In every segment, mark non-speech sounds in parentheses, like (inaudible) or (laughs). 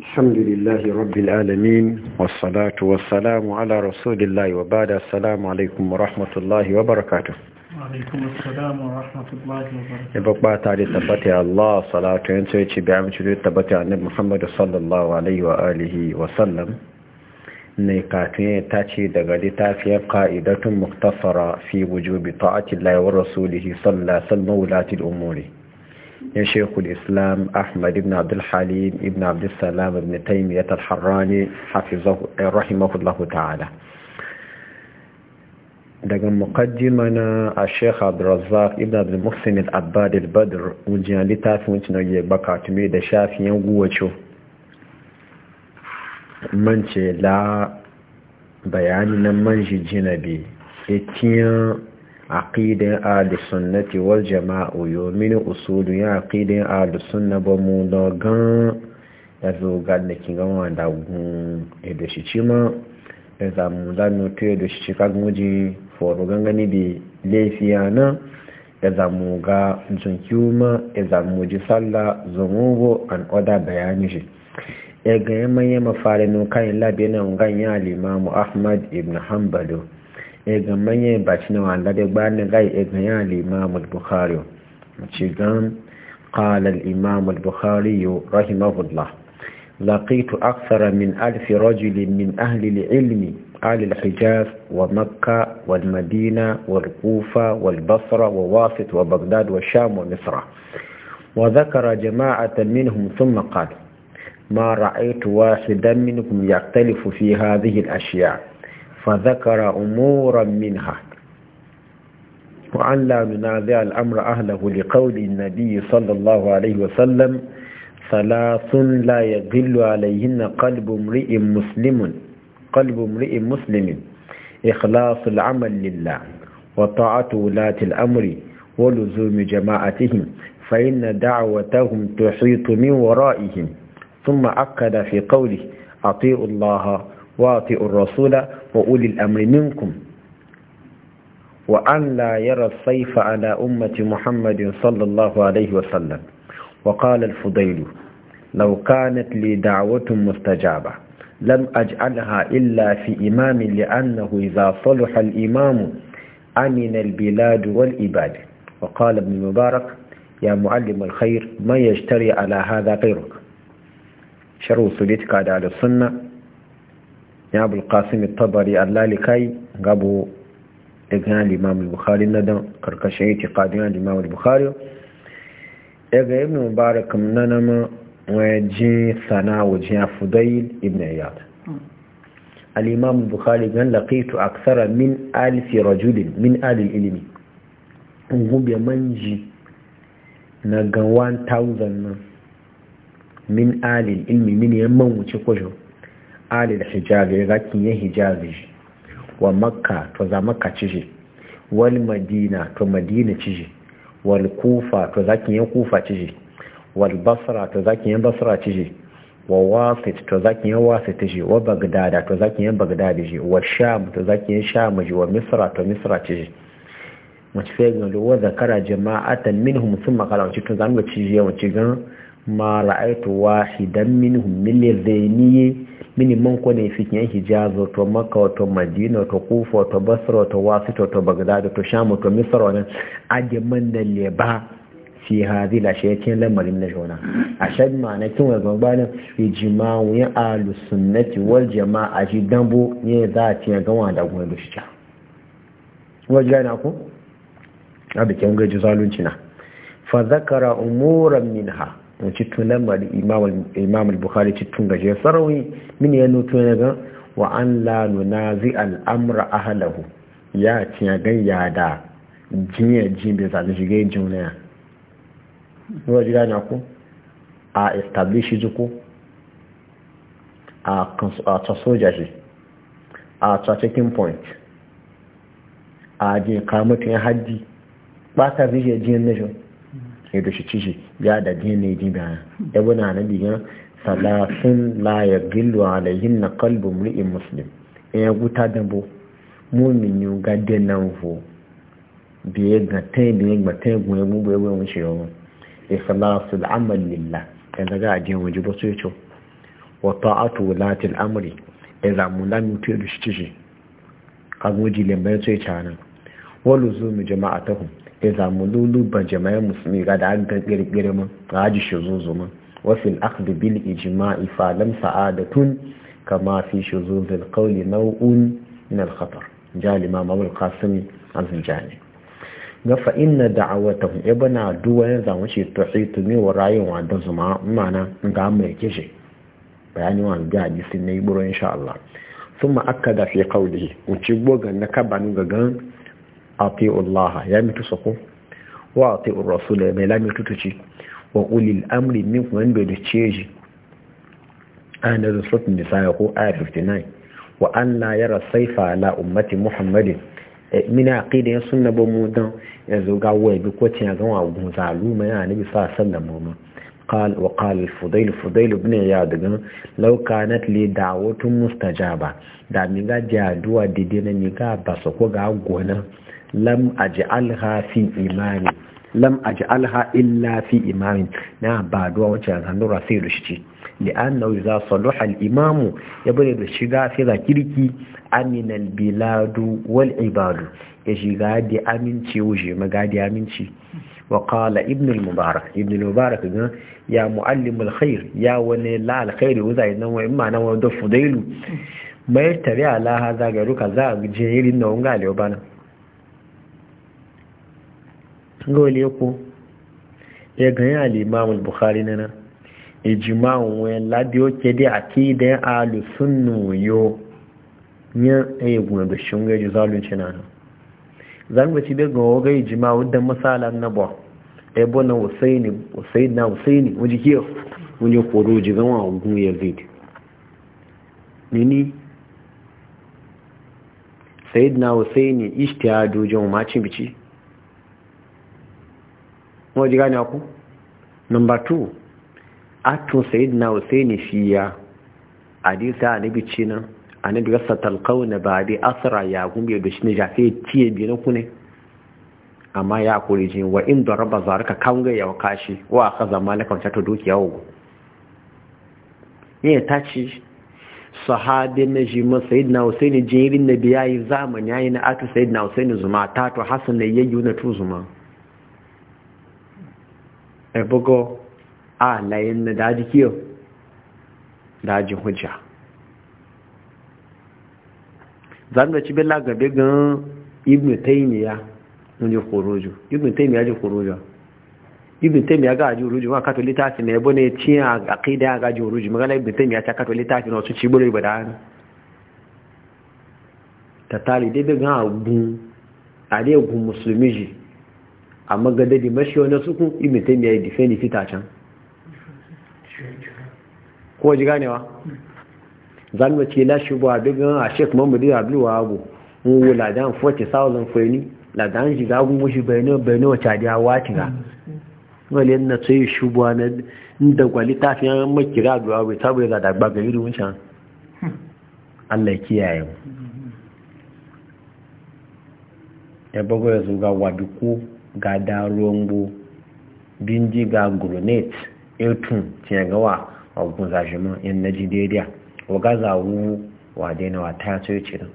الحمد لله رب العالمين والصلاة والسلام على رسول الله وبعد السلام عليكم ورحمة الله وبركاته عليكم السلام ورحمة الله وبركاته يبقى تعالي تبتي الله صلاة ينسيتي بعمل تبتي عن محمد صلى الله عليه وآله وسلم ne kafin ya tace daga littafiyar ka'idatun muktasara fi wujubi ta'atillahi wa rasulihi sallallahu alaihi wa sallam Yan shekul ahmad ibn abdulhalim ibn abdulsalam ibn taimiyat alharrani rahimahullahu ta'ala daga mukajjima na a sheikh abdulrazak ibn abdulmuhsin al-abbad al-badr wujiyar littafin wucin da ya baka tume da shafiyan guwacho mance la bayani na manji jinabe aqidan ahlus sunnati wal jama'a yo mini usulu ya aqidan ahlus sunna ba mu da gan da zo ga da kin ga gun edo shi cima da za mu da no te edo shi ka gunji foro gangani bi lefiya na da za mu ga junkiuma da za mu ji sallah zumugo an oda bayani shi ya ga yamma yamma fare no kan labena ganya ngan limamu ahmad ibn Hanbalu. e ga manye baci na wanda da ba ni gai قال الإمام البخاري رحمه الله لقيت أكثر من ألف رجل من أهل العلم أهل الحجاز ومكة والمدينة والكوفة والبصرة وواسط وبغداد والشام ومصر وذكر جماعة منهم ثم قال ما رأيت واحدا منكم يختلف في هذه الأشياء فذكر أمورا منها وأن لا ننازع الأمر أهله لقول النبي صلى الله عليه وسلم ثلاث لا يقل عليهن قلب امرئ مسلم قلب امرئ مسلم إخلاص العمل لله وطاعة ولاة الأمر ولزوم جماعتهم فإن دعوتهم تحيط من ورائهم ثم أكد في قوله أطيعوا الله واطئوا الرسول وأولي الأمر منكم وأن لا يرى الصيف على أمة محمد صلى الله عليه وسلم وقال الفضيل لو كانت لي دعوة مستجابة لم أجعلها إلا في إمام لأنه إذا صلح الإمام أمن البلاد والإباد وقال ابن مبارك يا معلم الخير ما يجتري على هذا غيرك شروط سلتك على السنة ya bulkasim tabari allalikai gabo igna limam al-bukhari na dan karkashin itiqadin limam al-bukhari ga ibn mubarak nana ma waje sana waje fudail ibn iyad al-imam al-bukhari gan laqitu aksara min alf rajul min ahli al-ilm ngube manji na ga 1000 min ahli al-ilm min yamman wuce kwajo alil hijabi zakin ya hijabi. wa makka to za makka cije wal madina to madina cije wal kufa to zakin ya kufa cije wal basra to zakin ya basra cije wa wasit to zakin ya wasit cije wa bagdada to zakin ya bagdada cije wa sham to zakin ya sham cije wa misra to misra cije wace sai ga wa kara jama'atan minhum thumma qala wace to zan ga cije ci gan ma ra'aytu wahidan minhum min ladhayni mini man ko ne fikin hijaz to makka to madina to kufa to basra to wasito to bagdad to sham to misr wannan aje man da leba fi hadi la shaykin lamarin na jona ashad ma na kin wannan bayan ijma'u ya ahlus sunnati wal jama'a ji dambo ne za a ci ga wanda da shi wajen na ku a bikin gaji zalunci na fa zakara umuran minha cikin tunan da imam al-bukhari tun gaje sarawi min ya nuto ne ga wa an la nunazi al'amra ahalahu ya ci ya yada, da jiya jin bai zaɗi shiga yin jin naya ruwa ji gani ku a establish ji ku a ta soja shi a ta cikin point a je kamutun haddi ba ta zai jiyan na shi ya da shi cishi ya da dine ji biya ya buna na biyan salafin layar gilwa ya yin alayhin na kalbin musulun, in ya guta dambo mumin yi ga nan fo biye ga tai biye ga tai yi ya gugu ya gugu ya wuce yawon salafin al'amal lilla ya a jiyan waje ba su yi ce wata ato latin amuri ya zamu na mutu da shi cishi kagoji lembar su ya ce nan wani zo mu jama'a ta hun izamu lulu luluban musulmi ga da an kirkiri mun haji shuzuzu mun wafil akhdhi bil ijma'i fa lam sa'adatun kama fi shuzuz al qawl naw'un min al khatar jali ma mabul qasim azjani ga fa inna da'awatahu ibna duwa ya zamu ce tuhitu mi wa rayin wa da zuma mana ga mai kishi bayani wa ga hadisi ne buru insha Allah thumma akada fi qawlihi uci gogan na kabanu ga gan ati'ullah ya mitu sako wa ati'ur Rasul ya la mitu tuci wa ulil amri minkum wanda da ceji an da sutun da sai ko ayat 59 wa an la yara saifa ala ummati Muhammadin e, min aqida sunna bo mudan dan yanzu ga wai bi ko tin ga wa gun zalu mai annabi sallallahu alaihi wasallam قال وقال الفضيل الفضيل بن عياد لو كانت لي دعوه مستجابه دا ميغا جادوا ديدينا ميغا باسوكو غا غونا lam aj'alha fi imani lam aj'alha illa fi imamin na ba duwa wacce an nura sai da shi li annahu idza salaha al imamu ya bada da shiga sai da kirki aminal biladu wal ibadu ya shiga da aminci wuje magadi aminci wa qala ibn al mubarak ibn al mubarak ga ya muallim al khair ya wani la al khair zai wa imma nan wa da fudailu mai tare ala hada ga ruka za a je irin nan ga bana ngole ko ya e gani al-imam al-bukhari nana ijma'un e wani labiyo ke da akidan ahlus sunnu yo nya ay e guna da shunga ji zalun cina zan ga ci daga ga ijma'u da misalan na ba ay na husaini husaini na husaini wuji kiyo wuji koro ji zama gun yazid nini sayyidina husaini ijtihadu jama'a cin bici wọ́n jí gani ọkú nọmba 2 atu, sayid na husaini fiya hadisa anabi cina anabi rasa talkau na ba dai asara ya gumbe da shi ne jafe tiye biyu na kune amma ya kore jin wa inda raba zarka kawunga ya wakashi wa ka zama na kwanci ta dukiya wugu ne ta ci sahabi na ji ma sayid na husaini jirin na zamani ya yi na atu sayid husaini zuma ta to hasan na yayyu na tu zuma ebogo a layin na daji kiyo daji hujja zan da ci bela gabe gan ibn taymiya mun je korojo ibn taymiya je korojo ibn taymiya ga aji uruju ma katolita fi na ebo ne ci a aqida ga aji uruju magana ibn taymiya ta katolita fi na su ci bolo ba da ta tali dai be gan agun ade gun musulmi ji amma ga dadi mashi wani sukun ibn taymiya ya defend fita can ko ji ganewa zan ce la buwa abigan a sheikh mahmud abdul wahab wu wula dan 40000 fani la dan ji ga mu shi bayno bayno ta da wati ga wale na sai shubu na inda gwali ta fi an makira duwa bai ta bai da gbaga iri irin can. Allah ya kiyaye mu ya bagwai ya zo ko ga gbo binji ga grenade etun tiya gawa a gun zashimin yan na jidediya wa gaza wu wa daina wa ta coci nan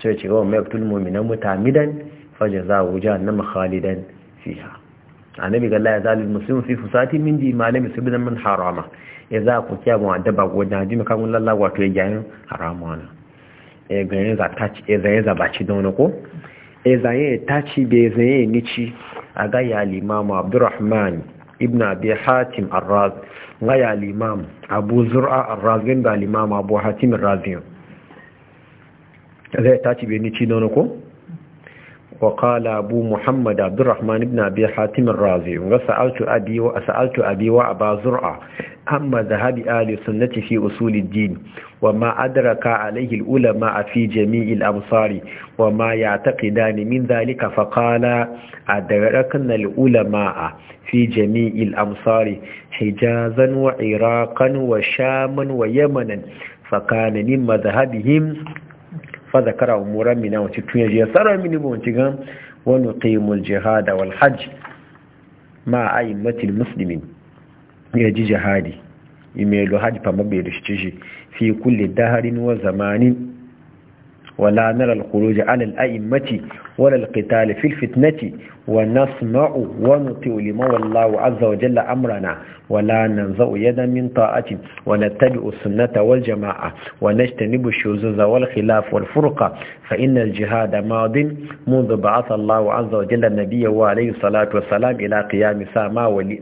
coci gawa mai kutul muta midan fajar za a wuja na makhalidan fiha annabi ga laya zalim muslimu fi fusati min di malami su bidan min harama ya za ku kiya mu adaba ko da ji maka mun lalla wato ya yayin harama na e ga yin za ta ci e za ya za ba ci don ko e zaye ta ci be zaye ni ci a ya limamu abdurrahman ibn abi hatim arraz ga ya limamu abu zur'a arraz gan ba limamu abu hatim arraz zai ta ci be ni ci nono ko وقال أبو محمد عبد الرحمن بن أبي حاتم الرازي وسألت أبي وسألت أبي وأبا زرعة أما ذهب آل السنة في أصول الدين وما أدرك عليه العلماء في جميع الأمصار وما يعتقدان من ذلك فقال أدركنا العلماء في جميع الأمصار حجازا وعراقا وشاما ويمنا فكان من مذهبهم fada zakara umuran mina wace tun yaji ya tsara mini ba wace gan wani qaimul jihada wal hajj ma a'immatil muslimin ya ji jihadi imelu hajj fa bai da shi fi kulli daharin wa zamanin ولا نرى الخروج على الأئمة ولا القتال في الفتنة ونسمع ونطيع لما الله عز وجل أمرنا ولا ننزع يدا من طاعة ونتبع السنة والجماعة ونجتنب الشذوذ والخلاف والفرقة فإن الجهاد ماض منذ بعث الله عز وجل النبي عليه الصلاة والسلام إلى قيام ساعة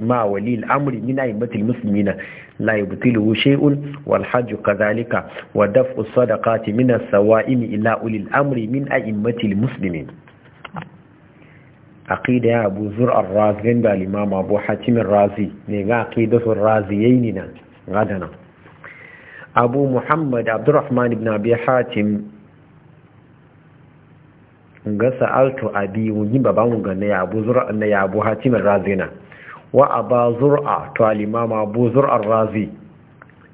مع ولي الأمر من أئمة المسلمين la yubtilu shay'un wal hajj kadhalika wa daf'u sadaqati min as-sawa'im ila ulil amri min a'immatil muslimin aqida ya abu zur da al abu hatim ar-razi ne ga aqidatu ar-raziyaini na gadana abu muhammad abdurrahman ibn abi hatim ga sa'altu abi wani baban ga na ya abu zur na ya abu hatim ar-razina wa aba zur'a to al-imama abu razi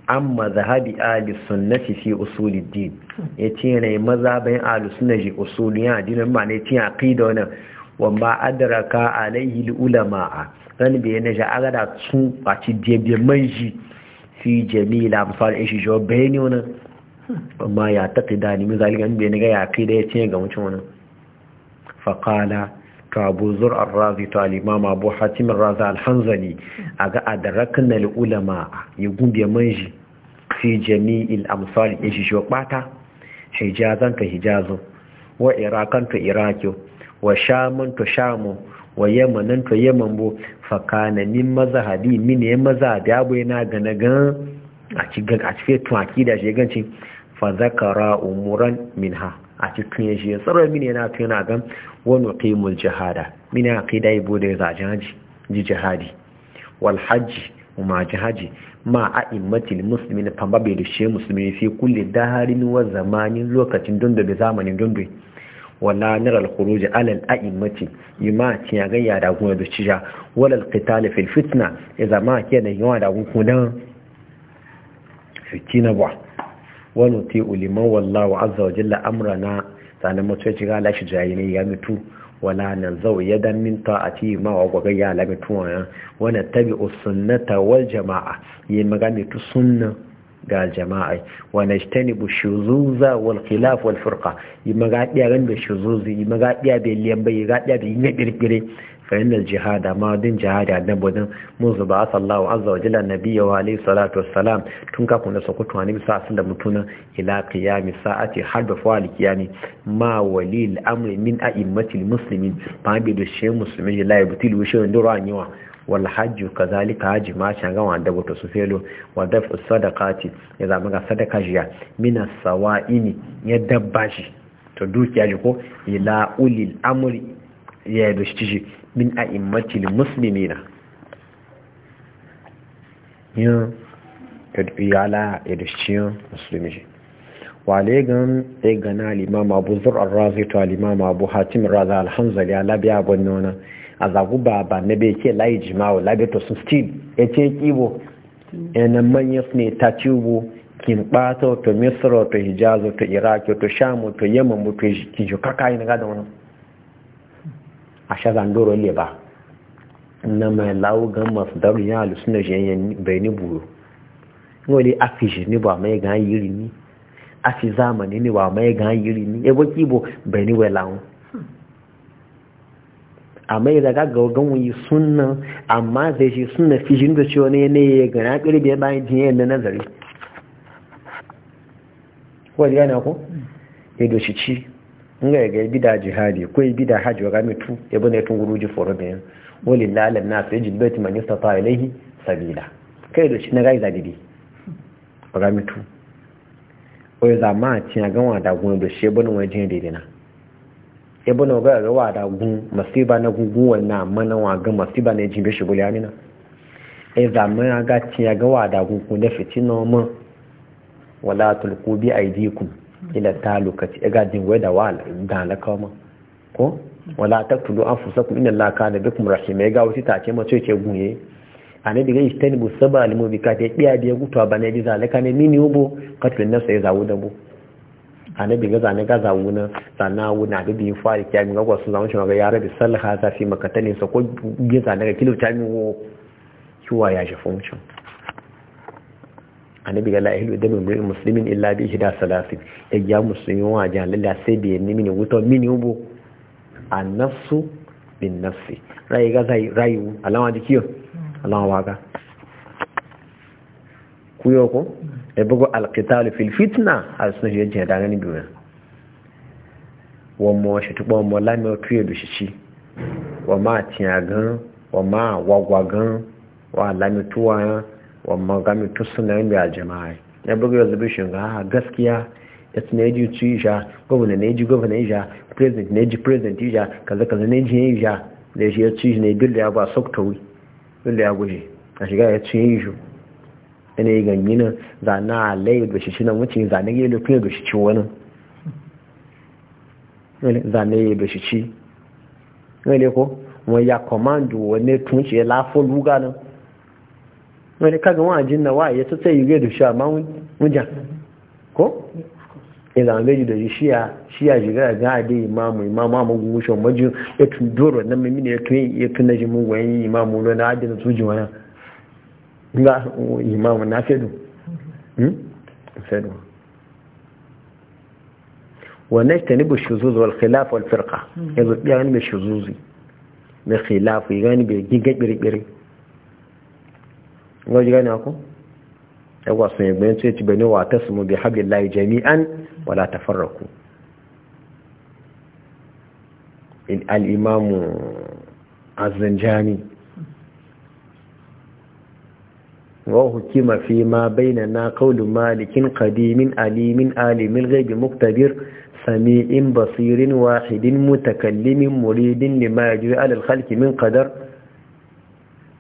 amma zahabi ahli sunnati fi usuluddin yace ne mazhabin ahli sunnati usuli ya dinin ma ne tin aqida wannan ma adraka alaihi ulama dan bi ne ja agada da baci baci jebe manji fi jamila amsal ishi jo bayani wannan amma ya taqida ni misali gan bi ne ga aqida yace ga mutum wannan faqala to abu zur arrazi to al-imam abu hatim razi a ga aga adrakna al-ulama yugumbe manji fi jami'il amsal yashi shokpata hijazan to hijazo wa irakan to irakiyo wa shamun shamu wa yamanan to yamambo fakana min mazhabi min ya mazhabi abu na gana gan a cikin a tuwaki da shi ganci fa zakara umuran minha a cikin ya shi ya tsara mini yana yana gan wani ƙimul jihada mini aqida ibo da zaji jihadi ji jihadi wal hajji ma a ma musulmi na famba bai da shi musulmi fi da daharin wa zamanin lokacin dundu da zamanin dundu wala naral khuruj ala al a'immati yima ci ya gayya da kuma da cija wala al qital fil fitna idza ma kana yawa da kuma fitina ba wani te uliman wallahu azza wa jalla amrana sanan mutuci ga lashi jayine ya mutu wala nan zau yadan min ta'ati ma wa gobe ya mutu wa wani tabi sunnata wal jama'a yi magami tu sunna ga jama'a wani shtani bu shuzuza wal khilaf wal furqa yi magadiya ran da shuzuzi yi magadiya bai liyan bai yi da bai yi na birkire fahimtar jiha da ma din jiha da adan budin mun zuba a sallahu azza wa jila na biya wa salatu salam tun ka kuna sa kutu wani bisa asin da mutunan ilaki ya misa a ce harba fawali kiya ne ma wali al'amri min a imatil musulmi ba a bido shi musulmi ya laye butil wushe wani dora ni wa wal hajj kazalika haji ma shan gawa da boto su selo wa da sadaqati ya zama ga sadaqa jiya min as-sawaini ya dabbashi to dukiya ko ila ulil amri ya dushi min a'immatil muslimina yin kadbiyala edishiyar musulmi wale gan egana limama abu zurar razi to limama abu hatim raza alhanzali alabi abon nona a zagu baba na bai ke layi jima'u labi to sun steel ya e ce kibo yana e manyan su ne ta cibo kimbato to misro to hijazo to iraki to shamu to yamma to kijokaka na gada wani a shagan doro le ba na mai laugan masu daru ya alusu na jiyan bai ni buru wani a fi shi ni ba mai gan yiri ni a fi zamani ni ba mai gan yiri ni ebo kibo bai ni wai lawon amma ya zaga ga wagan wuyi sunna amma zai shi sunna fi shi da ciwo ne ne ya gana ƙirɓe ya bayan jiyan na nazari wani gana ko ya doshi ci nga ga bida jihadi ko bida hajji wa gamitu ya bane tun guruji foro da yan wali lalan na sai jin bai man yastata ilaihi sabila kai da shi na gai zadidi wa gamitu oyi zama ci ya gawa da gun da shi bane wani jin daidai na ya bane ga ga wa gun masiba na gungun wannan mana wa ga masiba ne jin bishi buli amina ai zama ga ci ya gawa da gungun da fitina mu wala tulqu bi aidikum ila lokaci ya gajin wai da wala ga na kama ko wala an fusa ku inna laka da bikum rahima ya ga wuti ta ce mace ce gunye ane diga istani bu saba alimu bi ka te biya biya gutuwa bane bi zalaka ne mini ubo katul nafsa ya zawo da bu annabi ga zane ga zawo na sana wuna da bi fari kya mi ga gwasu zamu shi ga ya rabi sallaha za fi makatani sa ko ge zane ga kilo ta mi wo kiwa ya shi function annabi gala ihilu da bin muslimin illa bi ihda salasin e ya musulmi wa jan lalla sai bi e ni mini wuto mini ubo annafsu bin nafsi rayu ga zai rai alama dikiyo alama waga kuyo ko e bugo alqital fil fitna al sunan yaje da gani duniya wa mo shi tubo mo la mi tuye do shi wa ma tiya gan wa ma wa wagwa gan wa la mi tuwa wamma gami yin biya jama'a ya buga yanzu bishin ga gaskiya ya na yaji ci isha gwamna na yaji gwamna isha president na yaji president isha kaza kaza na yaji isha da ya ya ci ne duk da ya ba wi duk da ya guje a shiga ya ci yi shi yana yi ganyi nan zana a layi da shi nan wuce zane ya lokuna da shi ci wani zane ya da shi ci wani ko wani ya kwamandu wani tun ya lafo luga nan wani kaga wa ajin na waye ta tsaye da dusha ma wujan ko ila an gaji da shiya shiya shiga ga da imamu imamu amma gumushin majin ya tun doro na mimini ya tun ya tun na jimin wani imamu lo na adina tuji wani ga imamu na fedu hmm? fedu wannan shi ta nibu shuzuz wal khilafu wal firka hmm. ya zuɓi ya wani mai shuzuzi mai khilafu ya gani mai giga ɓirɓirin ga ji gánà kú ẹwà sun yi bayan sai ci bane wa tasmu bi hablillahi jami'an wala tafarraku wọ́n imam az-zanjani وحكم فيما بيننا قول مالك قديم عليم alimin الغيب مقتدر سميع بصير واحد متكلم مريد لما يجري على alalhalki min kadar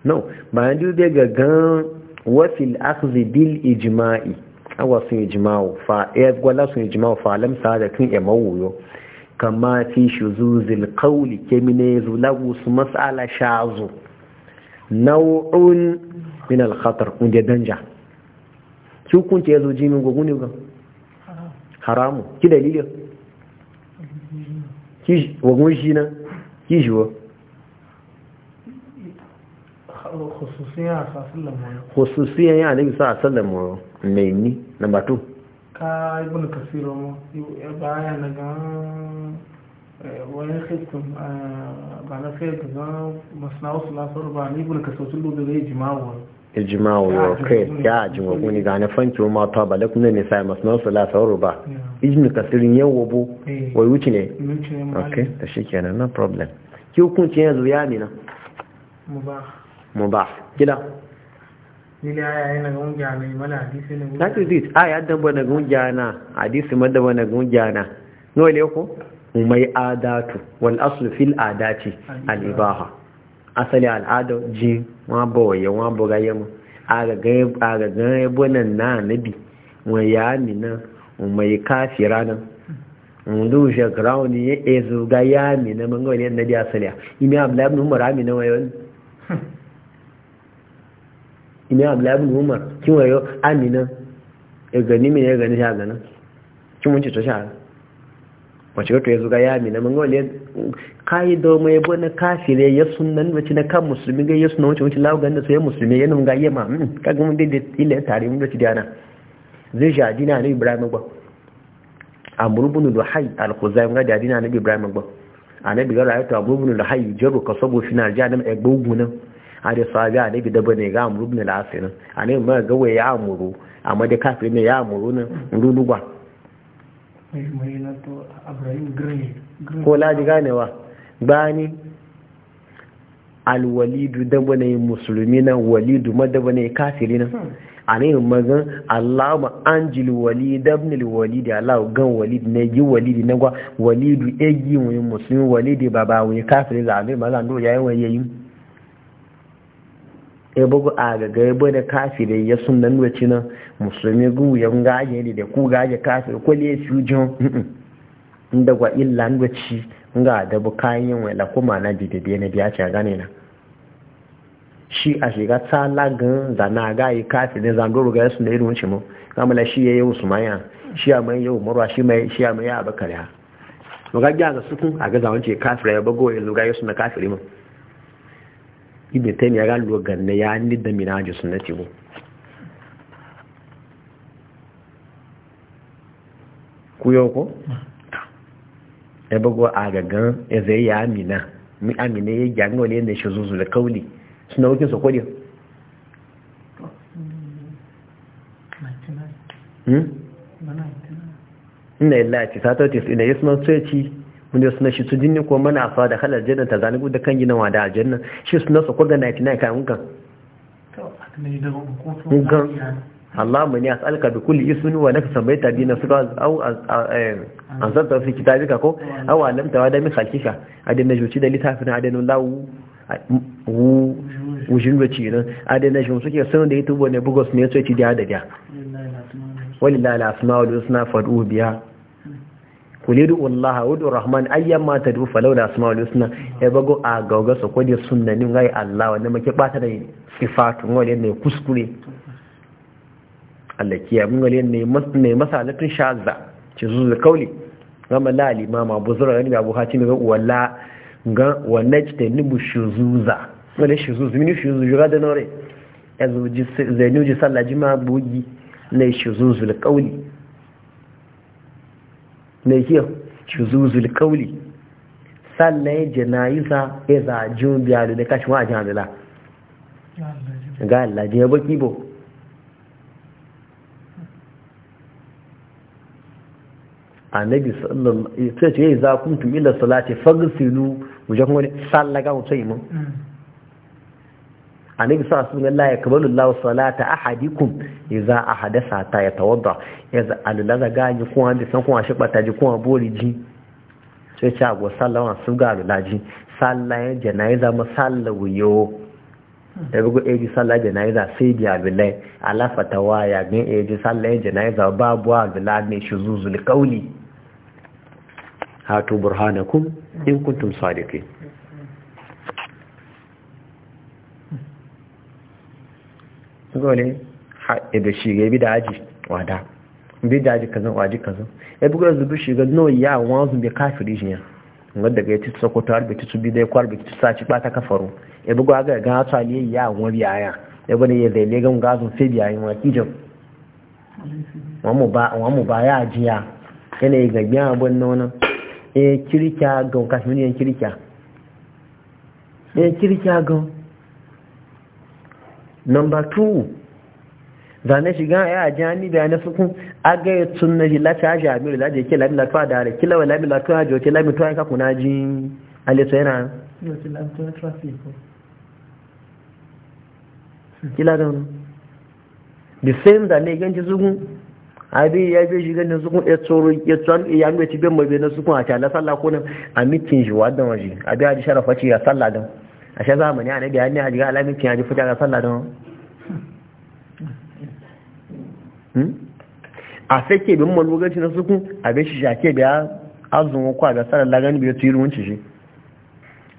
no bayan dube ga gan wafil akhzi bil ijma'i awa sun ijma'u fa ya e, gwala sun ijma'u fa lam sa da tun ya e mawuyo kama fi shuzuzil qawli kemine zulagu su mas'ala shazu naw'un min al khatar unde danja su kun ce yazo jimin gogun ne ga haramu ki dalilin ki wagun shi na ki jiwo khususiyan ya nabi sa sallam mai ni number 2 ka ibn kasir mu baya na ga eh, wani khikum eh, ba na sai ga masna'u sulasar ba ni ibn kasir sun lura da ijma'u ijma'u ya kai ya ajima kuni ga na fanki ma ta ba lakum ne sai masna'u sulasar ba ibn kasir yawo bo eh. wai wuce ne na problem ki hukunci yanzu ya mudaf kila lila ya yi na gungiya mai mana hadisi na gungiya that is it a ya na gungiya na hadisi madaba na gungiya na nole ko umai adatu wal aslu fil adati al ibaha asali al'ada ji wa bawaye wa bugaye mu a ga ganye bonan na nabi wa ya mina umai kafira nan mundu je ground ye ezu ga ya mina mango ne nabi asali imi abla ibn umar amina wayo (laughs) ime abdullahi bin umar kin wayo amina ya gani min ya gani shaga nan kin mun ci to sha wace to ya zuga ya amina mun ga wale kai da mai bane kafire ya sunnan wace na kan musulmi ga ya sunna wace wace da ganda sai musulmi ya mun ga ma kaga mun dai ile tare mun da ci dana zai sha dina ne ibrahim gba amr ibn duhay al-khuzai ga da dina ne ibrahim gba annabi ga rayatu amr ibn duhay jaru kasabu fina jahannam e gbogun nan a da sabi a nabi da ne ga amuru ne al nan a ne ma gawa ya amuru amma da kafin ne ya amuru nan lulugwa ko laji ganewa bani alwalidu daba ne musulmi na walidu ma da bane kafiri nan hmm. a ne gan Allah ma anjil walid ibn al da Allah gan walid na yi walid na gwa walidu egi wani musulmi walidi baba wani kafiri za a ne ma zan do yayin wani yayin ya aga a gaga ya bude kafire ya sun nan wace nan musulmi gu ya gaje ne da ku gaje kafir ko ne su jin inda gwa illa wace ga da bu kayan wala kuma na dide ne biya ce gane na shi a shiga talagan da na ga yi kafi ne zandoro ga yasu na irin wuce mu kamala shi ya yi usmaniya shi a mai yau marwa shi mai shi ya mai ya abakar ya magagya ga sukun a ga zawance kafira ya bago ya luga yasu na kafiri mu ibe ta ya galo ganna ya ni da minaji sunnati bu ku yau ko ya bago a gan e zai ya amina mi amina ya gyango ne da shi zuzu da kauli suna wukin su kodin hmm? ina yi lati satotis ina yi suna tsoci mun yi suna shi su jinni ko mana afa da halar jannan ta zanibu da kan ginawa da aljanna shi suna su kwaga 99 kayan kan Allah mu ne as'alka kulle kulli ismin wa na lak sabaita bi nafsika aw eh, an zanta kita kitabika ko aw alam da min a adin najuci da a adin lawu wujin bace nan adin najum suke sanin da tubo ne bugos ne ya ci da da lalata al wani suna fad'u biya. kulidu Allah wudu rahman ayyan ma tadu falau da asma'ul husna e bago a gauga so ko de ngai Allah wanda make bata da sifatu ngole ne kuskure Allah kiya mun ngole ne masne ne shazza ci zuzu kauli gama la al imam Abu Zurra ne Abu Hatim ga wala ga wannan ta ni bu shuzuza wala shuzuzu mini shuzuzu ga da nore azu ji zainu ji sallaji ma bugi ne shuzuzu kauli ne kiyo zuzul kauli sannan janayiza ya zajin biya da kashin wajen adala ga Allah ya baki bo annabi sallallahu alaihi wasallam ya ce za kuntum ila salati fagisilu mu wani kuma sallaga mutu sai mu hmm. annabi sa sunan ya kabalu Allah salata ahadikum idza ahadasa ta yatawadda idza alulaza gani ko an san ko shi bata ji ko bori ji sai ta go sallawa su ga alulaji sallayen janaiza ma yo da bugu eji eh, sallah janaiza sai biya billahi ala fatawa ya gin eji eh, sallah janaiza babu alula ne shuzuzul zuzul hatu burhanakum in kuntum sadiqin gole da shiga bi da aji wada bi da aji kazan waji kazan ya bi gole zubi shiga no ya wanzu bi kafiri jiya ngar daga yati sokoto har bitu bi dai kwar bitu saci ba ta kafaru ya bi gwa ga ga ta ne ya wani aya ya bane ya zai legan gazun sai biya yin waki jam wamu ba mu ba ya jiya yana yi ga gyan abun nona eh kirkiya ga kashmiriyan kirkiya eh kirkiya ga number two zane shiga ya a jihani da na sukun aga ya tun na jila ta shi amiru da ke lami latuwa da hare kila wa lami latuwa haji wace lami tuwa yanka kuna ji alisa yana kila da wani the same zane ganci sukun abi ya bi shiga ne sukun ya tsoro ya tsoro ya mai ci bin mai na sukun a tala sallah ko nan a mitin shi wa dan waje abi a ji sharafa ce ya sallah dan Ashe shi zamani annabi ya ne hajiga alamin ya ji fita ga sallah don hmm? a fake bin malugaci na suku abin shi shake da ya azumin kwa ga sallar lagani biya tuyi ruwanci shi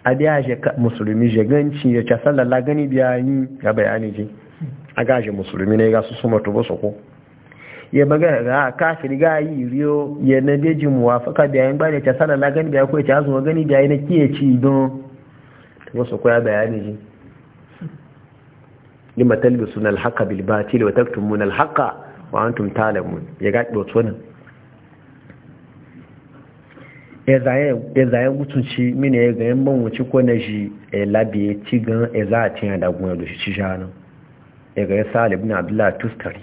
a biya shi musulmi ganci ya ce sallar lagani biya yi ga bayani ji a gashi musulmi na ga gasu su matuba su ko ya baga ga kafin ga yi riyo ya na beji muwafaka biya yin ba da ce sallar lagani biya ko ya ce azuwa gani biya yi na kiyaci don wasu kwaya bayani ji lima na alhaqa bil batil wa taktumuna alhaka wa antum ta'lamun ya ga dotso nan ya zaye ya zaye mutunci mini ya ga ban wuci ko na shi e labiye ci gan ya za a tinya da gona da shi ci shanu ya ga salib na abdullah tustari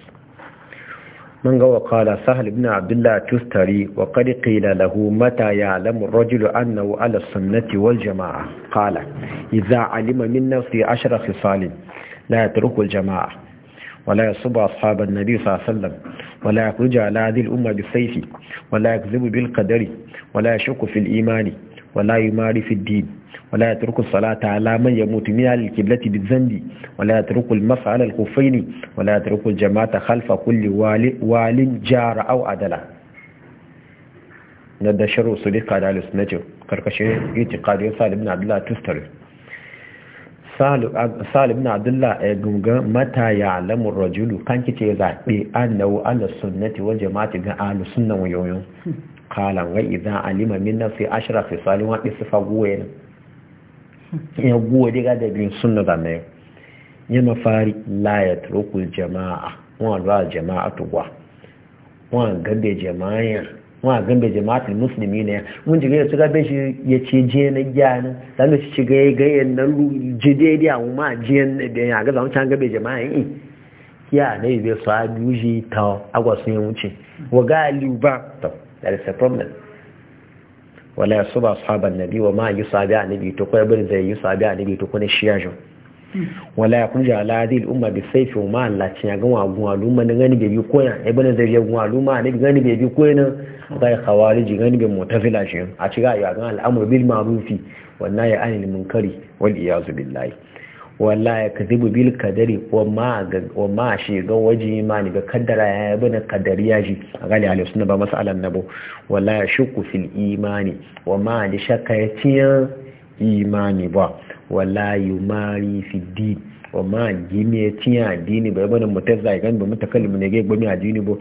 من وقال سهل بن عبد الله تستري وقد قيل له متى يعلم الرجل أنه على السنة والجماعة قال إذا علم من نفسي عشر خصال لا يترك الجماعة ولا يصب أصحاب النبي صلى الله عليه وسلم ولا يخرج على هذه الأمة بالسيف ولا يكذب بالقدر ولا يشك في الإيمان wala yumari fi din wala ya yatruku salata ala man yamutu min al-qiblati bizanbi wala ya turku masa ala al-khuffayn wala yatruku al-jama'ata khalfa kulle walin jara au adala na da sharu su dika da alusunatin karkashin itikadiyar salim na abdullahi tustari salim na abdullahi ya eh, gunga mata ya alamun rajulu kan kice zaɓe annawu alusunati wajen mati ga alusunan wayoyin kalan wai idan alima min nafsi ashra fi salima wadi sifa guwe ne ya guwe daga da bin sunna da ne ya fari la ya turku jama'a wa la jama'a tuwa wa gabe jama'a wa gabe jama'atul muslimi ne mun jige su gabe shi ya ce je na gyanu dan shi ci gaye gaye na lu jide dia mu ma je ne da ya ga zan can gabe jama'a in ya ne bai sa biyu ta agwasun ya wuce wa ga liuba ta that is a problem wala ya suba ashaban nabi wa ma yusabi annabi to kai bir zai yusabi annabi to kuna shiya jo wala ya kunja ala hadil umma bi sayfi wa ma Allah cin ya ga wa gun aluma ne gani bebi koya e bane zai yi gun aluma ne gani bebi koya ne kai khawariji gani be mutazila shi a ci ga ya ga al'amru bil ma'rufi wa nahy anil munkari wal iyaz billahi wala ya kazibu bil kadari wa ma shi ga waje ni ga kaddara ya yi na kadari ya ji a a alayhi sunna ba na nabo wala ya shukku fil imani wa ma a shakka ya imani ba yi mari fi din wa ma gini ya dini ba ya bane mutum zai gani ba kalli ne ga gbami dini bo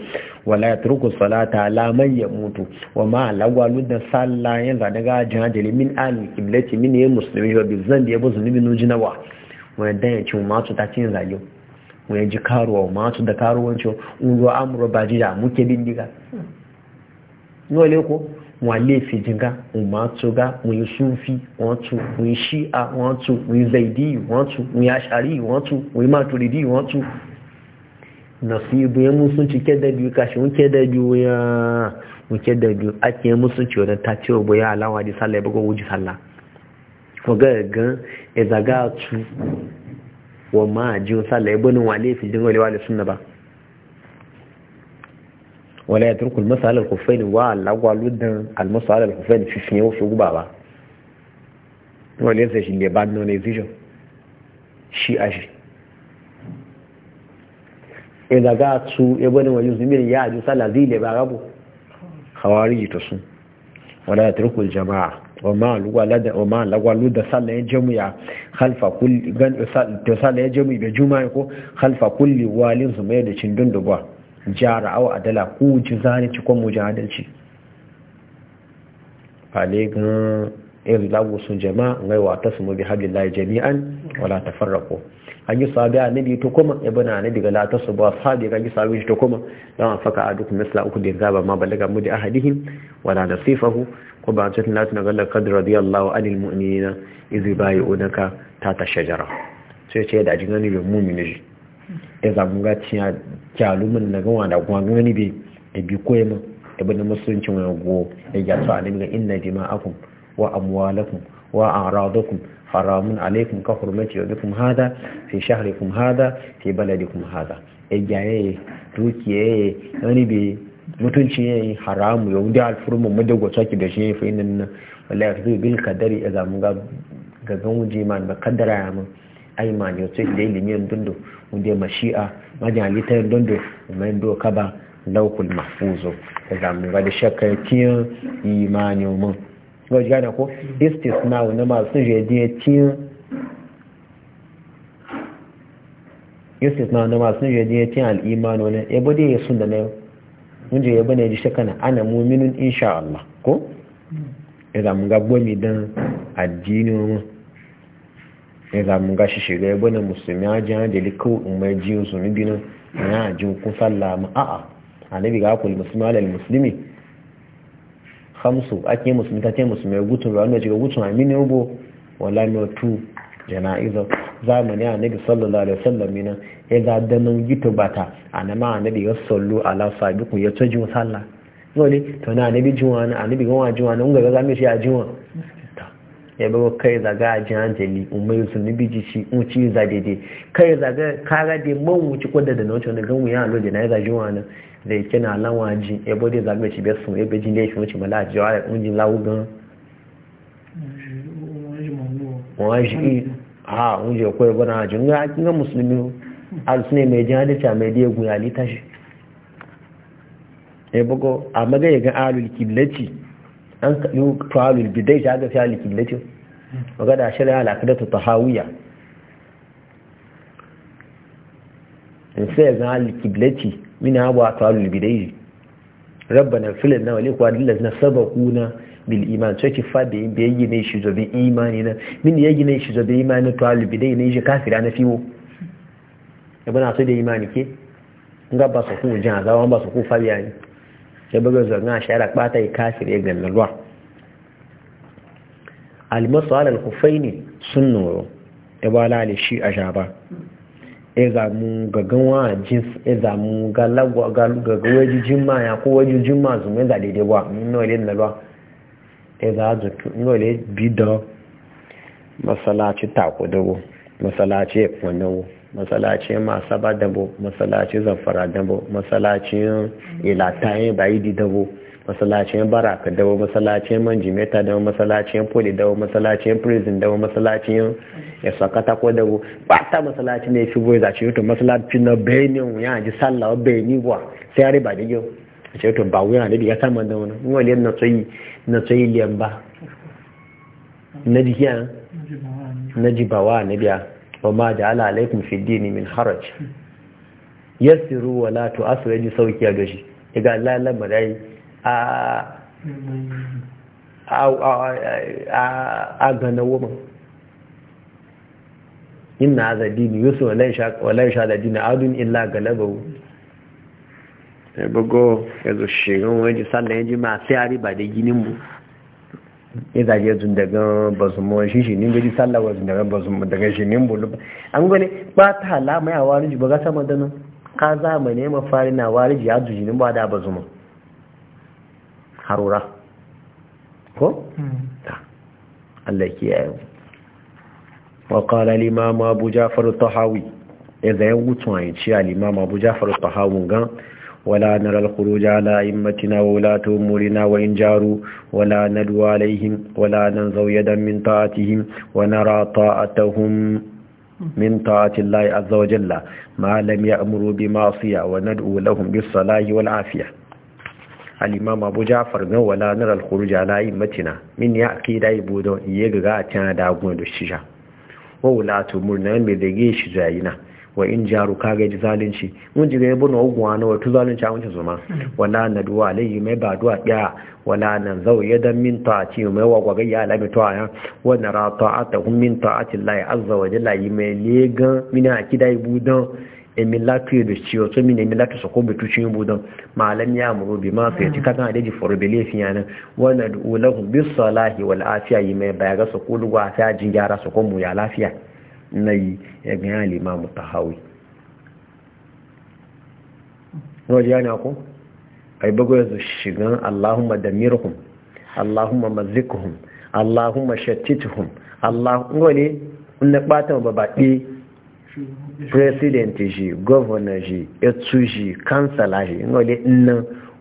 wala turku salata ala ya mutu wa ma lagwalu da sallah yanzu daga jihadili min al qiblati min ya musulmi ba bizan da ya bu zulmi nuji nawa wani dan ya ci masu ta cin zayo wani ji karuwa masu da karuwancin unruwa amurwa ba jida muke bindiga nole ko wọn lè fi jinga wọn tó ga wani sufi wọn tó wọn shi'a wọn tó wọn zaidi wọn tó wọn ashari wọn wani wọn maturidi wọn tó nasibu ya musulci keda biyu kashi wọn da biyu ya wọn da biyu ake musulci wadda ta ce wa boye alawa di sallah ya bugo wuji sallah faga gan izaga tu wa ma ji sallah ibn wale fi jin wale wale suna ba wala yatruku al-masal al-khuffain wa al-agwaludan al-masal al-khuffain fi fi wa guba ba wale sai shi le bad non exigent shi ashi izaga tu ibn wale zubin ya ji sallah zile ba rabu khawarij to sun wala yatruku al-jama'a وما لغوالو da sallah ya jamu ya halfa kulli gan to sallah ya jamu be juma'a ko halfa kulli walin su mai da cindun duba jara aw adala ku ji zani ci ko mujahadalci fale gan irin lagu sun jama'a ngai wa tasmu bi hablillahi jami'an wala tafarraqu an yi sabi a nabi to koma, ya bana nabi ga latar su ba sabi ga yi sabi to koma. Dan a faka a duk misla uku da zaba ma balaga mu da ahadihim wala nasifahu kubancin latin agar da kadra da yallawa anil mu'amina izi bayi unaka ta ta shajara sai ce da jin gani bin mummuni zamu ga zamun gaciya kyalumin na gawa da kuma gani bin ebi koya ma ebi na musulunci wani guwo ya yi yasa alimga inna jima akun wa amwalakun wa an radakun haramun alaikun ka hurmaci wa dukun hada fi shahrikun hada fi baladikun hada ya yaye dukiyaye wani bin mutunci yi haramu ya da alfurman saki da shi ya da shi nan inna wallahi zai bil kadari idan zamu ga zan wuji wuje man da kaddara ya mun ai ma ne sai da ilimin dundo wanda mashi'a majali ta dundo mai do kaba laukul mahfuzu idan zamu ga da shakka kin imani mun ji gane ko istisna na masu jeje tin istisna na masu jeje tin al-iman wala ibodi sun da ne mun je yaba ne ji shaka kana ana muminin insha Allah ko idan mun ga gwami dan addini mu ya ga shi shiga yaba na musulmi a jiya da likau umar jiyo su ni binin na ji kun sallah mu a'a annabi ga akul musulmi alal musulmi khamsu ake musulmi ta ce musulmi gutun ruwan da shiga gutun amini ugo wala no tu jana'izo zamani annabi sallallahu alaihi wasallam ne ga danin gito bata a na ma annabi ya sallu ala sabiqu ya tsaji musalla dole to na annabi jiwa na anabi gawa jiwa na ungaga ga zame shi a jiwa ya bawa kai zaga a jihan jeli umaru su nibi ji shi unci za daidai. kai zaga kara da man wuce kwadda da nauce wani gan ya alo da na ya zaji wani da ya kina lanwa ji ya bode zame shi besun ya beji ne shi wuce mala jiwa ya unji lawu gan wọ́n á ṣe àà oúnjẹ ọ̀pọ̀ a àjò ńgá musulmi arsu ne mai jihar da mai da ya guya ne tashi ya bugo a magaya ga alul killaci an kaɗi alul bidai shi aga fi alul killaci magana shirya al'akadatu ta hawiya in sai ga alul killaci mini abu a alul bidai na filin na wale kuwa dillas na sabakuna bil iman so ki fadi bi biyayye ne shi zobe imani na min yayye ne shi zobe imani tuwalul bidai ne shi kafira na fiwo ebe na so da imani ke nga ba su ku jan azawa ba su ku fabiya ne ya buga zanga a shara bata ya kafir ya ganna ruwa almasu alal kufai ne sun noro ya ba lale shi a shaba ba ya zamu gaggawa jins ya zamu galagwa gaggawa jijin ma ya ko wajijin ma zumai da daidai ba nuna wale na ruwa ya za a zuki nuna wale bidan masalaci takodago masalaci wannan masalacin masaba dabo masalacin zafara dabo masalacin bayi di dabo masalacin baraka dabo masalacin manjimeta dabo masalacin poli dabo masalacin prison dabo masalacin sakata ko dabo ba ta masalacin ne fi boye zace to masalacin na benin ya ji sallah benin wa sai ya riba a ce to ba wuya ne ya sama da wani wani na tsayi na tsayi liyan ba na jiya na jibawa na biya wa ma ja'ala alaikum fi dini min haraj yassiru wa la tu'asu yaji sauki a gashi daga Allah lamarai a a gana woman inna na dini yusuf wa la yasha ladina adun illa galabahu ebogo ezo shirin waje sallan yaji ma sai ari ba da ginin mu ya zage tun daga basu mawa shi shi ne gari sallah wasu daga basu daga shi ne bulu an gane ba ta halama ya wariji ba ga sama da nan ka zamane fari na wariji ya zuji ne ba da basu ma harura ko? ta Allah ke yayo wa qala limama abu ja'far at-tahawi idan ya wuce wa ya ce al-imam abu ja'far at-tahawi gan ولا نرى الخروج على أئمتنا وولاة أمورنا وإن جاروا ولا ندعو عليهم ولا ننزو يدا من طاعتهم ونرى طاعتهم من طاعة الله عز وجل ما لم يأمروا بمعصية وندعو لهم بالصلاة والعافية الإمام أبو جعفر ولا نرى الخروج على أئمتنا من يأكيد أيبودون يغغى تنا داغون الشجاع وولاة أمورنا من ذي شجاعنا wa in jaru kaga ji zalunci mun ji ga yabo na ogun na wato zalunci a wancan zuma wala na duwa alayhi mai ba duwa ya wala na zau yadan min ta'ati mai wa gwaga ya lami to ayan wa nara ta'ata hum min ta'ati llahi azza wa jalla yi mai legan mina akida ibudan emin latu da ciwo to min emin latu so ko betu cin budan malam ya muru bi ma sai ti kakan adeji for belief yana wa nad'u lahum bis salahi wal afiya yi mai baya ga so ko lugwa ta jin gyara so ko mu ya lafiya na yi ya lima limamu ta hawi wajen yana ku ai bago yanzu shigan allahumma damirhum allahumma mazikuhum allahumma shattituhum allahumma wani na ɓata ba baɗe president ji governor ji yatsu ji kansala ji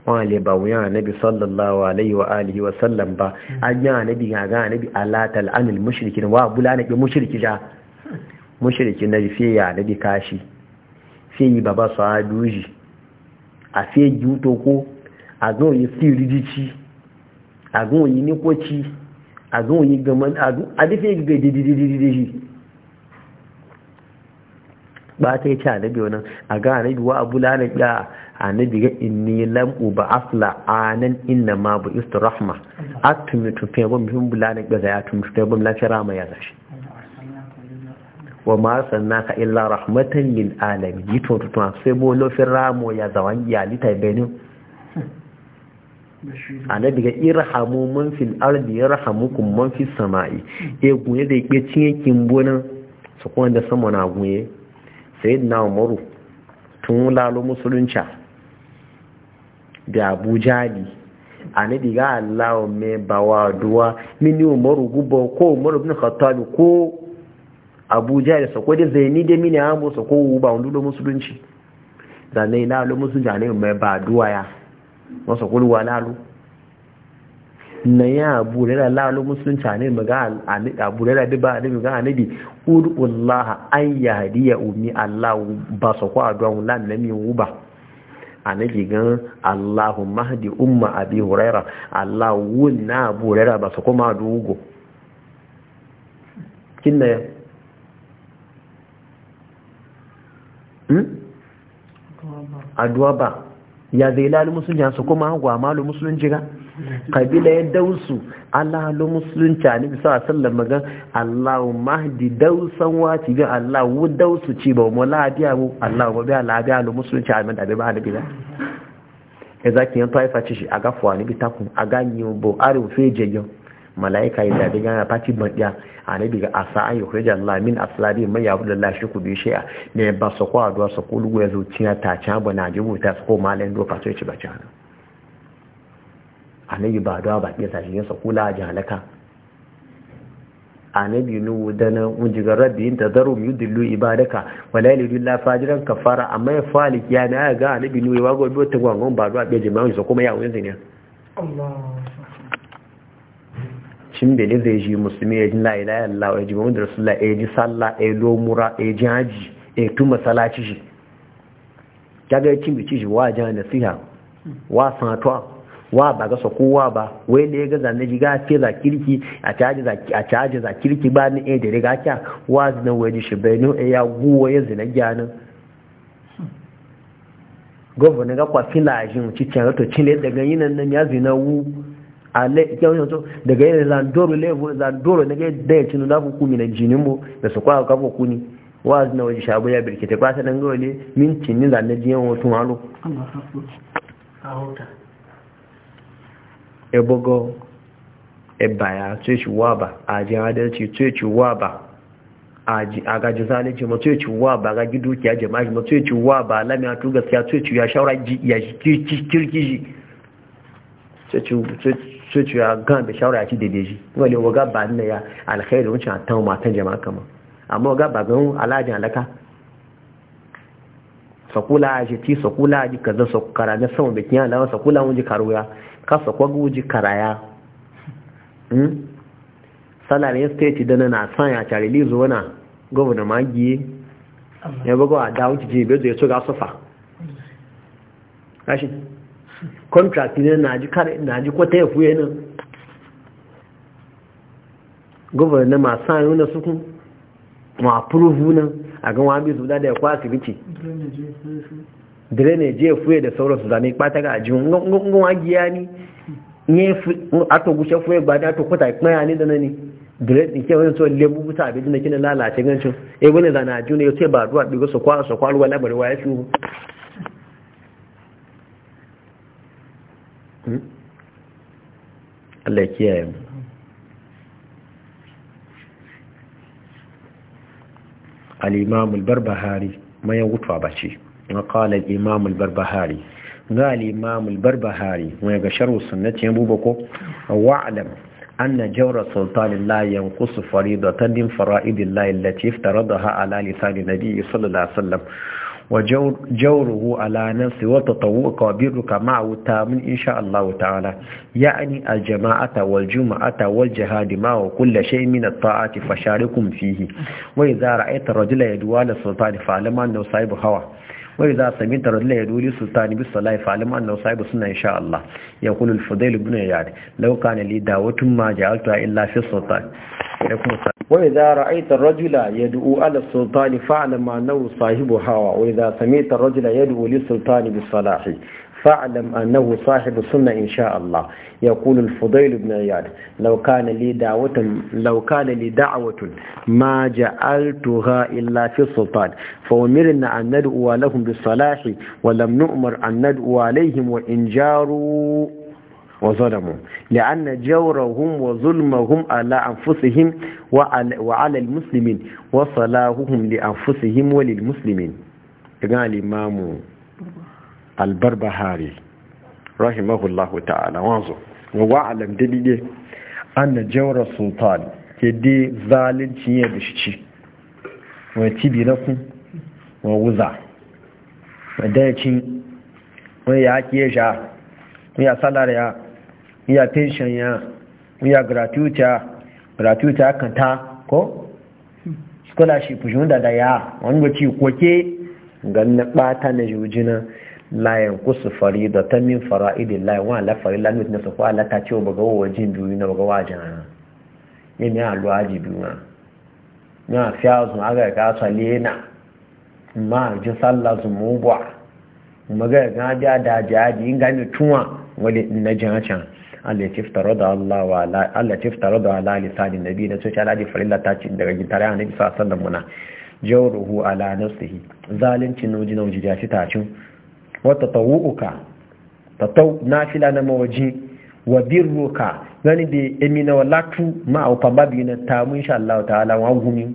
wani ba wuyan sallallahu alaihi wa alihi wa sallam ba an yi annabi ga ga annabi alatal anil mushrikin wa bulana bi mushriki ja mushrikin na fiye da nabi kashi fiye yi baba su a duji, a fiye juto ko a zo yi rijici a zo yi nikoci a zo yi gaman a dufe ga didididididi ba ta yi ci nabi wani a ga nabi wa abu lanar a nabi ga inni lambu ba asla nan inna ma bu istirahma tumi tufe ba mutum bulanar da ya tumitu fiye ba mutum lafiya rama ya zashi wa ma sanna ka illa rahmatan lil alamin yito to to sai bo lo fin ramo ya zawan ya lita benu annabi ga irhamu man fil ardi yarhamukum man fis samai e gunye da ke cinye kin bona su kuma da sama na gunye sayyidina umaru tun lalo musulunci da Abuja ne. annabi ga me bawa duwa mini umaru gubo ko umaru ibn khattab ko abuja da sako da zaini da mini ambo sako ba wani da musulunci zanai alu musulunci ne mai ba duwa ya wasu kulwa lalo na ya abu da lalu musulunci ne mai ga abu da da ba da ga anabi udullaha an yahdiya umi allah ba sako adwan lan lamin wuba Anibi gan allahumma mahadi umma abi huraira allah na abu huraira ba sako ma dugo na Hmm? aduwa ba ya zai lalu musulunci su kuma hagwa malu musulunci ga kabila ya dausu alalu musulunci a nufi sa'a sallar magan allahu mahdi dausan wati bi allahu dausu ci ba mu labiya mu allahu ba biya labiya lu musulunci a mai ba da gida ya zaki yan taifa ci shi a gafuwa ni takun a ganyen bo arin fejiyar malaika ya zabi gana fati bandiya a na daga asa an yi da Allah min aslabi mai yabu da lashe ku biyu shi'a ne ba su ko aduwa su ko lugu ya zuciya ta can abu na jibu ta su ko malayin doka ya ci ba ci hannu a na yi ba duwa ba ɗin sashen yasa kula a jihalaka a na biyu ni da na rabbi yin ta zaro mu dillu ibadaka wala yi lidu lafajiran kafara amma ya falik ya na ya ga a na biyu ni ya wago biyu ta gwangon ba duwa ɗaya jima'in su kuma ya zaniya Allah shin bele zai ji musulmi ya ji la ilaha illallah ya ji muhammadu rasulullah ya ji sallah ya mura ya ji haji ya tu masalaci shi kaga ya cin ci shi wa ji nasiha wa sanatwa wa ba ga sa kowa ba wai da ya ga zanne ji ga ce za kirki a caji za a caji za kirki ba ni eh da riga kya wa zina waje shi bai no ya guwa ya zina gyana gwamnati ga kwafi lajin cikin rato cile daga yinan nan ya zina wu ale kyawun yanzu daga yin zandoro levo zandoro na ga da ya ci nuna ku na jinin mu da su kwa kafa kuni wa na waje shabu ya birke ta kwasa dan gawale min cinin zanne jiyan wasu malo ebogo ebaya tsoye ci waba ajin adalci tsoye ci waba a gaji zalunci matsoyaci wa ba gaji dukiya jama'i matsoyaci wa ba lamiya tu gaskiya tsoyaci ya shawara ya kirkiji tsoyaci so ce gan da shawara ci daidai shi ne waga ba ne ya alkhairu wucin a tan matan jama'a kama amma waga ba gan alajin alaka sakula a shi ti sakula a ji kaza sakukara na saman bikin alawa sakula wuji karuya ka sakwa wuji karaya hmm? salarin state dana na ya cari lizo wana gwamna magiye ya bugawa da wuce jibe zai so ga sufa rashin contract ne na ji kare na ji kwata ya fuye nan gwamnati na masu sayo na suku ma approve nan a gan wani su da ya kwa asibiti drainage ya fuye da sauran su zane kwata ga ajiyun ngon wagi ya ni ne ato gushe fuye ba da ato kwata ne da na ne direct nke wani so lebu buta abin da kina lalace gancin e wani zana ajiyun ya ce ba ruwa ɗigo su kwa su kwa ruwa labarwa ya Hmm? Allah ya kiyaye mu al-imam al-barbahari mai wutuwa bace wa qala imam al-barbahari ga al-imam al-barbahari mai ga sharh sunnati abubako wa'lam أن جور سلطان الله ينقص فريضة من فرائض الله التي افترضها على لسان النبي صلى الله عليه وسلم wa jawruhu ala nafsi wa tatawwuka wa birruka ma'ahu tamun insha Allah ta'ala ya'ni al-jama'ata wal juma'ata wal jihad ma wa kullu shay'in min at-ta'ati fasharikum fihi wa idza ra'aita rajula yadwa la sultani fa'lam annahu sahibu hawa wai za a sami tarar ya dole sultani bis salai falim annahu sahibu sunna insha Allah ya wai za ra'aitar rajula ya du'u ala sultani fa'ala ma nau sahibu hawa wai za samitar rajula ya du'u li sultani bi salahi fa'alam annahu sahibu sunna insha Allah ya kulu al-fudail ibn Iyad law kana li da'watan law kana li sultan fa umirna an nad'u lahum bi salahi wa lam nu'mar an nad'u alayhim wa wa zalamu li'anna jawrahum wa zulmahum ala anfusihim wa ala almuslimin wa salahuhum li anfusihim wa lil muslimin daga al-imamu al-barbahari rahimahullahu ta'ala wanzo wa alam dalile anna jawra sultan yadda zalunci ya da shi wa tibi na ku wa wuza wa dayakin wa ya ake ya sha wa ya salar ya iya pension ya iya gratuita gratuita kan ta ko scholarship junda da ya wani gaci koke ganna bata na jujina layan kusa farida ta min fara'idin layan wa la fari mit na sofa ala ta cewa baga wajin biyu na baga wajen ana ne ne alu aji biyu na na fiyazun aga ga kasa na ma ji sallah zumubuwa maga ga da da jaji in ga ni tuwa wani na jin can allati iftarada Allah wa allati iftarada ala lisanin nabi da soci alaji farilla ta ce daga gitare annabi sallallahu muna wasallam ruhu ala nafsihi zalincin noji noji da shi wata ta tatawuka ta nafila na fila na mawaji wa birruka gani da emina latu ma babu yana ta mun sha Allah ala wa gumi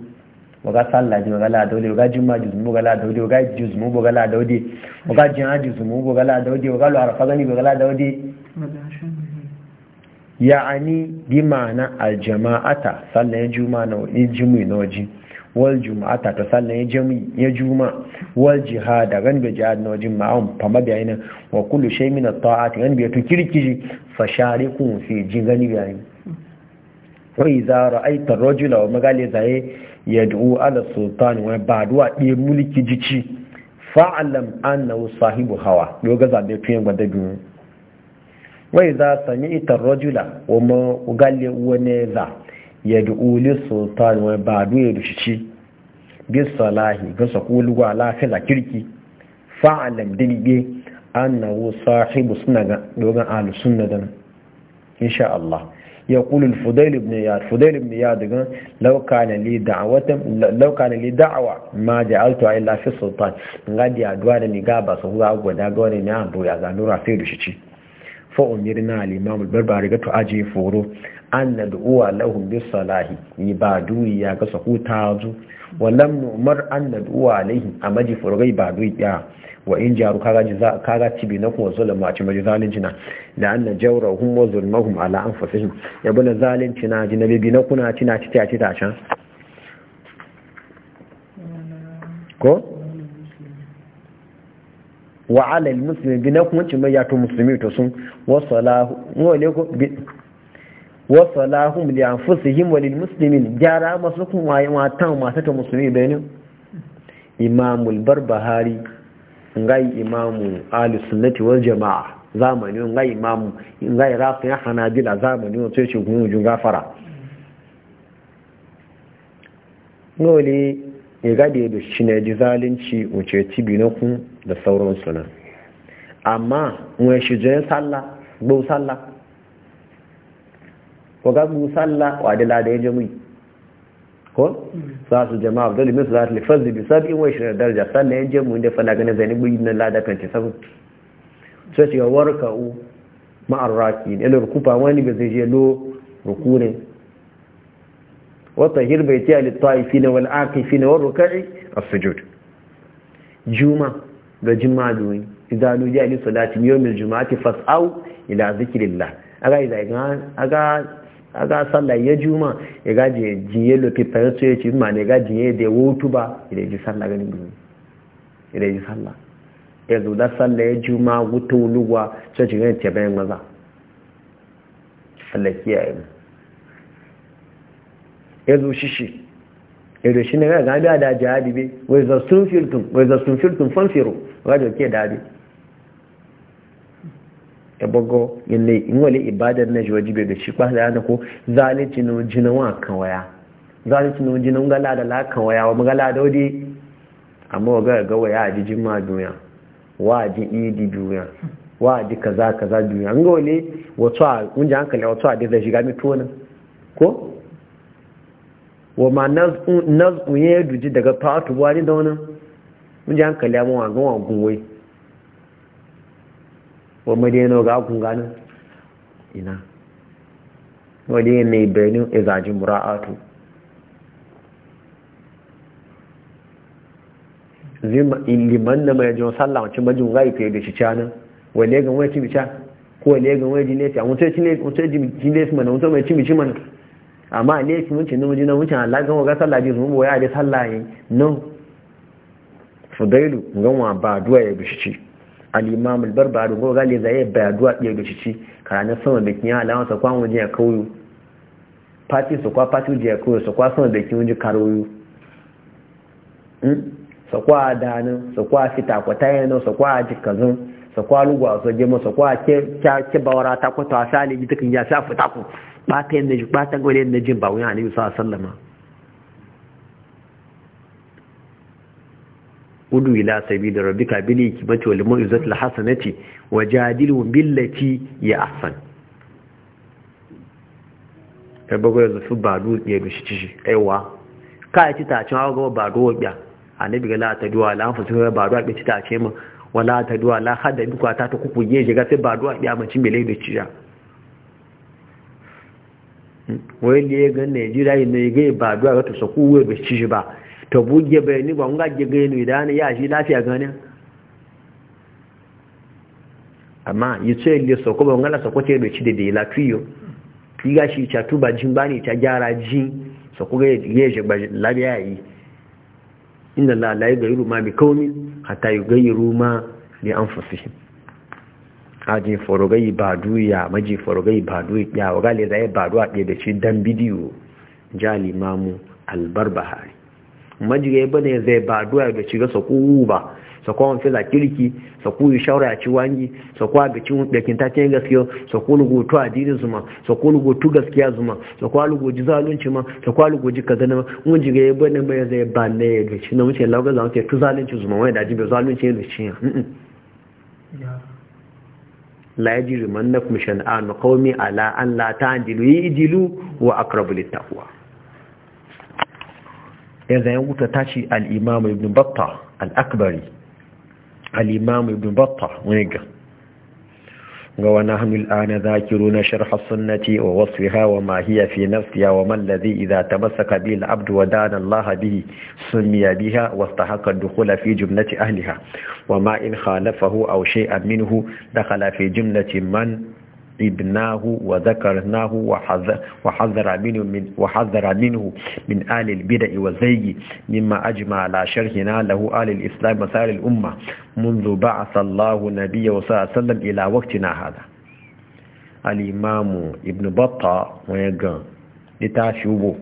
waga sallah ji magala wuri waga juma ji zumu gala wuri waga ji zumu bo da wuri waga jin haji zumu bo da wuri waga lu arafa gani bo gala ya'ani bi ma'ana aljama'ata sallan na jimi na wal ta sallan ya wal jihada bi jihad na waje ma'am fama bi ainihin wa kullu shay min at-ta'ati ran bi to kirkiji fa shariku fi jin bi ainihin wa idza ra'aita rajula wa magali yad'u ala sultan wa ba'duwa ɗe mulki jici fa'alam annahu sahibu hawa yoga zabe tuyen wai za su yi ita rojula wani ugalle wani za ya da uli sultan wani ba duye ya dushi ci bisa lahi gasa kuluwa lafi da kirki fa'alam dilbe an na wo sahibu suna ga dogon alu suna don insha Allah ya kulu fudail ibn yad fudail ibn yad ga lauka ne li da'awatan lauka ne li da'awa ma ja'altu illa fi sultan ngadi adwa ne ga ba so ga goda ga ne na abu ya ga nura sai da shi ci fa'umirna al'imamul barbari ga tu'aje foro an na du'uwa lahun bis salahi ni ba ya ga saku ta zu wallam numar an na du'uwa alaihi a maji foro gai ba ya wa in jaru kaga cibi na kuma zulma ci maji zalunci na da an na jaura wa ala an ya bana zalunci na ji na bibi na kuna ci na ci ta ci ta can ko wa alal muslimi bi na kuma cimma ya to musulmi to sun wa salahum li anfusihim wa lil muslimin gyara masu wa waye matan masu ta musulmi ne imamul barbahari ngai imamu Ali sunnati wal jamaa zamani ngai imamu ngai rafi hanabila zamani wato yace gunjun gafara ngoli ya gade da shi ne zalunci wuce tibi na kun da sauran sunan amma wọ́n ṣe jẹ́ sálà gbó sálà kọgá gbó sálà wà dé ládẹ́ ẹjọ́ ko? Za su jama'a abdullahi za su lifar zibi sabi sáàbí wọ́n ṣe daraja ya yin mú da fana ganin zai nígbó yi na ládà kan ce sabu sai ce yawar ka'u ma'ar raki ne rukupa wani ba zai je lo rukunin wata hirbaiti a littafi na wal'aƙi fi na warruka'i a sujud juma'a ga juma'a domin ya ni salati yawmil juma'ati fas'au ila zikrillah aga idan aga aga sallah ya juma ya gaje jiye lope fayato ya ci ma ne gaje ya da wutu ba idan ji sallah ganin gudu idan ji sallah ya zo da sallah ya juma wuta wuluwa sai ci ganin tabayin maza Allah kiyaye ya zo shishi ido shi ne ga gabi da jihadi be wai za sun filtun wai za sun filtun fanfiro ga da ke dadi e bogo yalle in wale ibadar na shi wajibe da shi ba da na ko zalici no jinawa kan waya zalici no jina gala da la kan waya wa magala da wadi amma ga ga waya a jijin ma duniya wa ji idi duniya wa ji kaza kaza duniya ngole wato a kunja hankali wato a da shiga mi tona ko wa ma naz'u ya duji daga fatu wani da wani mun ji hankali amma wa gan wagun wai wa mu dai ga kun gani ina wa dai ne bayani izaji mura'atu zima iliman na mai jiwon sallah wacin majin gai fiye da shi canan wale ga wani cin-bi-ca, ko wale ga wani jinesi a wuce jinesi mana wuce mai cibici mana amma a ki mun cinu mun na wucin Allah gan waga sallah ji zuwa ya da sallah yin no fudailu gan wa ba duwa ya bishici al-imam al-barbari go ga ya zai ba duwa ya bishici kana sama da kin Allah sa kwan waje ya kauyo fati su kwa party je ya kauyo su kwa sama da kin wajen karoyo hmm? su kwa danin su kwa fita kwatayen su kwa jikazun su kwa lugwa su je mu su kwa ke ke bawara ta kwata sale ji takin ya sa fita ku bata yanda ji bata gwale yanda jin ba wuyan annabi sallallahu alaihi wasallam udu ila sabili rabbika bil hikmati wal mau'izati al hasanati wajadilhum billati ya ahsan kai bago yanzu su ba du ya bishi ci aiwa kai ci ta cin hawa ba du wabiya annabi ga la ta duwa la fa su ba du ci ta ce mu wala ta duwa la hada bi kwata ta kuku je ga sai ba du wabiya mun cin bele da ciya wai da gan najeriya yi mai gai ba duwa ga tusa kowai ba ci shi ta buge bai ni ba nga je gani da ni ya lafiya gani amma yi ce ba da ta tuba jin ta gyara ji soko ga ya je ba lafiya yi bi aji forogai badu ya maji forogai badu ya waga le zai badu a ɗaya da shi dan bidiyo ja limamu albarbahari maji ya ne zai badu ya da shiga sakuwu ba sako wani fila kirki sako yi shawara ya ci wangi sako a bikin ɗakin takin gaskiya sako lugoto addinin zuma sako lugoto gaskiya zuma sakowa a lugoji zalunci ma sakowa a lugoji kaza na mun ga ya ne mai zai ba ne ya da shi na wuce lauga zama ce tu zalunci zuma wani da jibe zalunci ya da shi la yajiru mannakum shan'an qaumi ala an la ta'dilu yijilu wa aqrabu littaqwa yadda ya wuta ta ce imam ibn battah al-akbari al-imam ibn battah wani ga ونحن الآن ذاكرون شرح السنة ووصفها وما هي في نفسها وما الذي إذا تمسك به العبد ودان الله به سمي بها واستحق الدخول في جملة أهلها وما إن خالفه أو شيئا منه دخل في جملة من ابناه وذكرناه وحذر منه من وحذر منه من آل البدع والزيغ مما أجمع على شرحنا له آل الإسلام وسائر الأمة منذ بعث الله نبي صلى الله عليه وسلم إلى وقتنا هذا الإمام ابن بطة ويقان لتاشوبه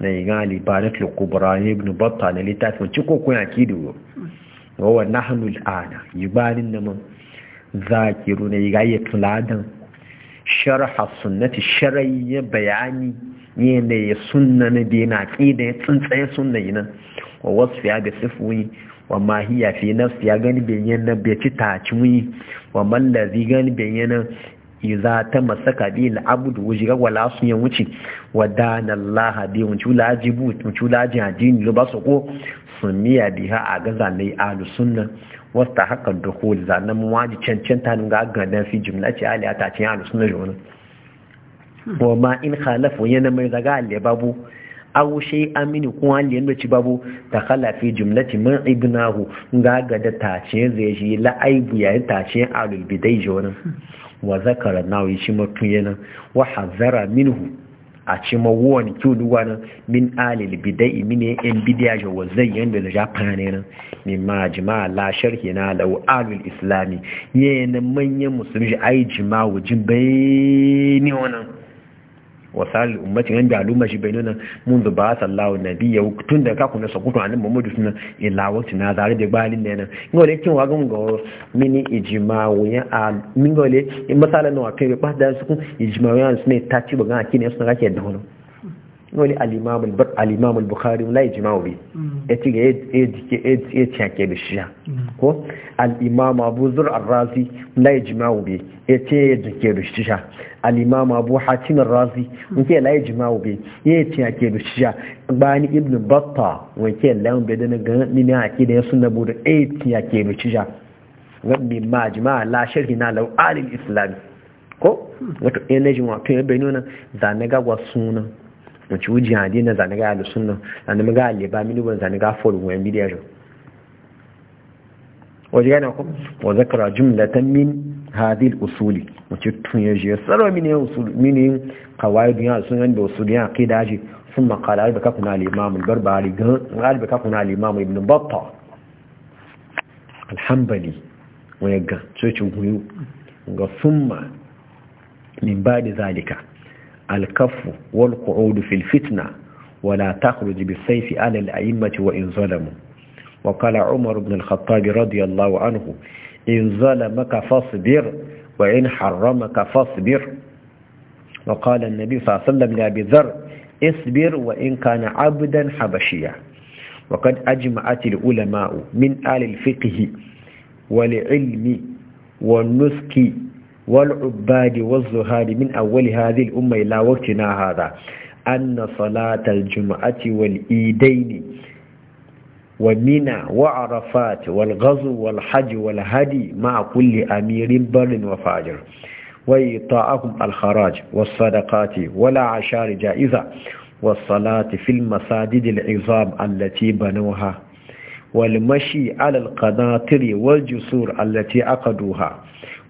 نيغان لبانة القبراني ابن بطة لتاشوبه تشكو كون أكيد وهو نحن الآن يبان إنما ذاكرون يغاية تلادن sharha sunnati sharayya bayani ya sunna na da yana ƙida ya tsuntsaye sunna yi nan wa wasu ya ga sifoyi wa mahiya fi nafsi ya gani bayan na bai ci taci wuyi wa mallazi gani bayan na iza ta masaka bi al'abudu wuji ga wala su yan wuce wa dana Allah bi mun chula jibu mun lo ba su ko sumiya biha a ga zanai ahlus sunnah wasta hakan da kowal zanen waji cancanta ga dan fi jimla ce aliya ta ce yana suna jona wa ma in khalafu yana mai zaga aliya babu aw shay amini kuma aliya da ci babu ta khalafi ce man ibnahu ga gada ta ce zai shi la aibu ya ta ce alul bidai jona hmm. wa zakara nawi shi mutun yana wa hazara minhu a ci mawuwa kyau nan min alil bidai min yan bidiya shi wazai yadda da japane nan ne ma jima'a lashar ke na lau alul islami yayin manyan musulmi ai jima'u jin bayani wannan Wasali, umarci yanda al'umma shi bai nuna mun a ba na biya tun da kaku na sakutu annabi Muhammadu suna ilawarci na zare da gbalin da yana ingole kin wa gama go mini ijma'u ya a min in misalan na kai ba da su ijma'u ya suna ta ci ba gana kini suna rake da wannan ingole alimamul imam al-imam al-bukhari la ijma'u bi ci mm. ga yace yake da shi mm. ko alimamu imam abu zur ar-razi la ijma'u bi yace yake da shi alimama abu hatim razi nke la jima'u be ye ti ake da shiya bani ibn batta wanke la on be da ga ni ne ake da sunna bu da e ti ake da shiya rabbi majma la sharhi na law alil islam ko wato energy to ya nuna zane ga wasuna wace wuji hadi na zane ga al-sunna zane ga al-ba mini ban zane ga forum wa bidiyo wajen yana kuma wa zakara jumlatan min هذه الأصول وتتون يجي سروا من أصول من قواعد السنن يعني بأصول عقيدة ثم قال أربك كنا الإمام البربري أربك كنا الإمام ابن بطة الحنبلي ويجا تشوفوا ثم من بعد ذلك الكف والقعود في الفتنة ولا تخرج بالسيف على الأئمة وإن ظلموا وقال عمر بن الخطاب رضي الله عنه إن ظلمك فاصبر وإن حرمك فاصبر وقال النبي صلى الله عليه وسلم لأبي ذر اصبر وإن كان عبدا حبشيا وقد أجمعت العلماء من آل الفقه والعلم والنسك والعباد والزهاد من أول هذه الأمة إلى وقتنا هذا أن صلاة الجمعة والإيدين ومنى وعرفات والغزو والحج والهدي مع كل أمير بر وفاجر ويطاعكم الخراج والصدقات ولا عشار جائزة والصلاة في المساجد العظام التي بنوها والمشي على القناطر والجسور التي عقدوها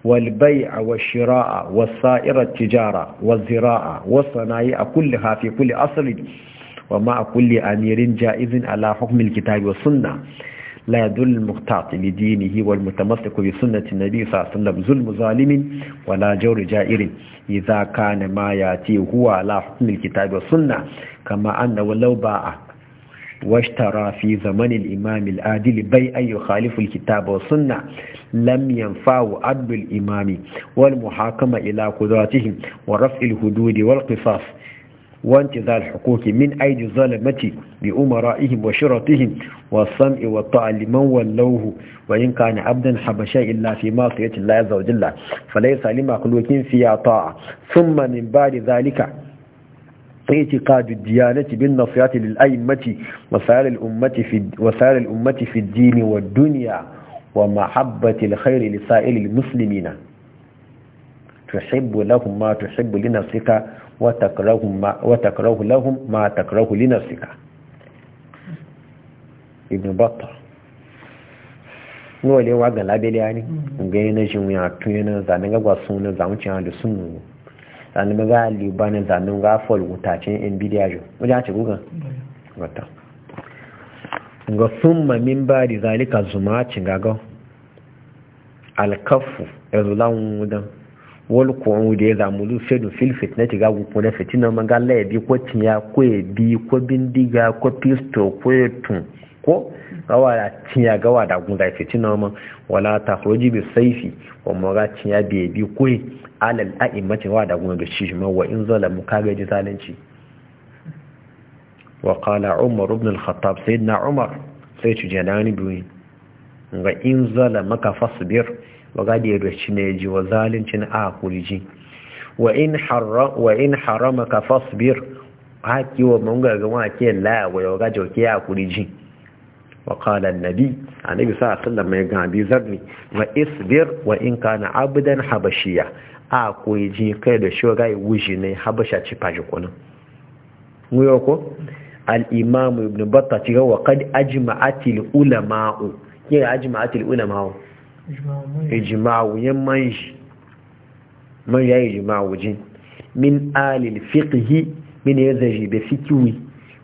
والبيع والشراء والسائر التجارة والزراعة والصنايع كلها في كل أصل wa ma a kulle amirin ja'izin ala hukumin kitabi wa sunna la li dinihi wal mutamasi ku bi sunnati nabi sa sallam zulmu zalimin wa la iza kane ma ya ce huwa ala hukumin kitabi wa sunna kama an da a washtara fi zaman al'imam al'adil bai an yi khalifin kitab wa sunna lam imami wal muhakama ila kudratihim wa raf'il hududi wal qisas وانتزاع الحقوق من أيدي الظالمة بأمرائهم وشرطهم والصمع والطاعة لمن ولوه وإن كان عبدا حبشا إلا في معصية الله عز وجل فليس لما لمخلوق فيها طاعة ثم من بعد ذلك اعتقاد الديانة بالنصيحة للأئمة وسائر الأمة في وسائر الأمة في الدين والدنيا ومحبة الخير لسائر المسلمين تحب لهم ما تحب لنفسك wa takrahu lahum ma takrahu li nafsika ibn batta ngo le waga labele yani ngai na jin ya tuna zanin ga gwa sun zamu ci da sun mu zanin ga libana zanin ga fol wutacin in bidiya jo wajen ci gugan wata ga summa min ba di zalika zuma cin gaga alkafu ya zulan wudan wal qu'ud ya zamu lu fedu fil ti ga gbogbo na fitina man ga la bi ko tìǹyà ko bi ko bindiga ko pisto ko tun ko gawa ya tiya gawa da gun da fitina man wala takhruji bi sayfi wa maga tiya bi bi ko alal tìǹyà wa da gun da shi man wa in zalamu kaga zalunci wa umar ibn al-khattab umar sai ci jalani biyu in waga da yadda shi ne ji wa zalincin a kurji wa in harama ka fasbir haki wa munga ga wake la wa waga jauke a kurji wa qala annabi annabi sa sallan mai ga bi zarni wa isbir wa in kana abdan habashiya a kurji kai da shi waga wuji ne habasha ci faji kuna muyo ko al imam ibn battah ci ga wa qad ajma'atil ulama'u ke ajma'atil ulama'u ijma'u yan man ya jin min alil fiqhi min ya zaji da fikiwi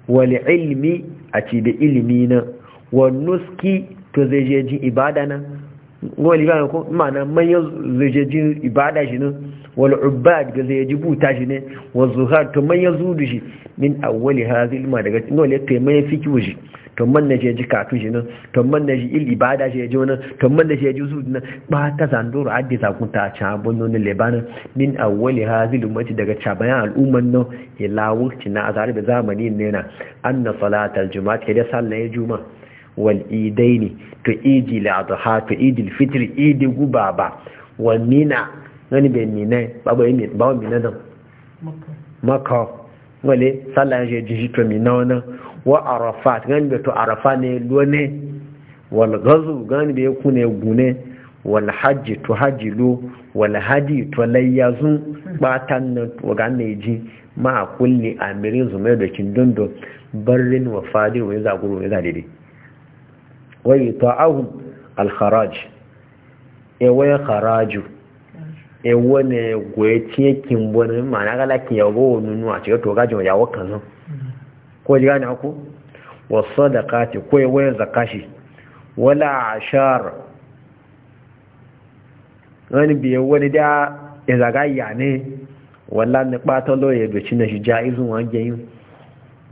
wal ilmi a ci da ilimi na wa nuski to zai je ji ibada nan wani gane ko ma'ana manyan zujejin ibada shi ne wal ubad ga zai buta shi ne wa zuhar to manyan zudu shi min awwali hazil ma daga wani to manyan fiki shi to man na shi katu shi ne to man na shi il ibada shi ya ji wani to man na shi ji zudu na ba ta zandoro addi zakun ta ci abun nan lebanon min awwali hazil ummati daga cabayan al'umman nan ila wukti na azari da zamani ne na anna salatal juma'a ke da sallar juma'a wal idaini to idi la adha to idil fitr idi ba wa mina ngani be mina ba yimi bawo mina dan makka wale sallah je jiji to mina wana wa arafat ngani be to arafa ne lone wal ghazu ngani be ne gune wal hajji to hajjilu wal hadi to layyazu batan nan to ganne ji ma kulli amirin zumai da kin do barrin wa fadir wa ya zaguru za daidai wai ta'ahu al-kharaj ewe kharaju ewe ne gwe tiye kimbo ne ma'ana ga laki yawo nunu a cikin to gajin yawo kanan ko ji gane ku wasu da kati ko ewe zakashi wala ashar wani biye wani da ya e zaga ya ne wala ni ɓata lo ya e doci na shi ja'izun wa gẹyin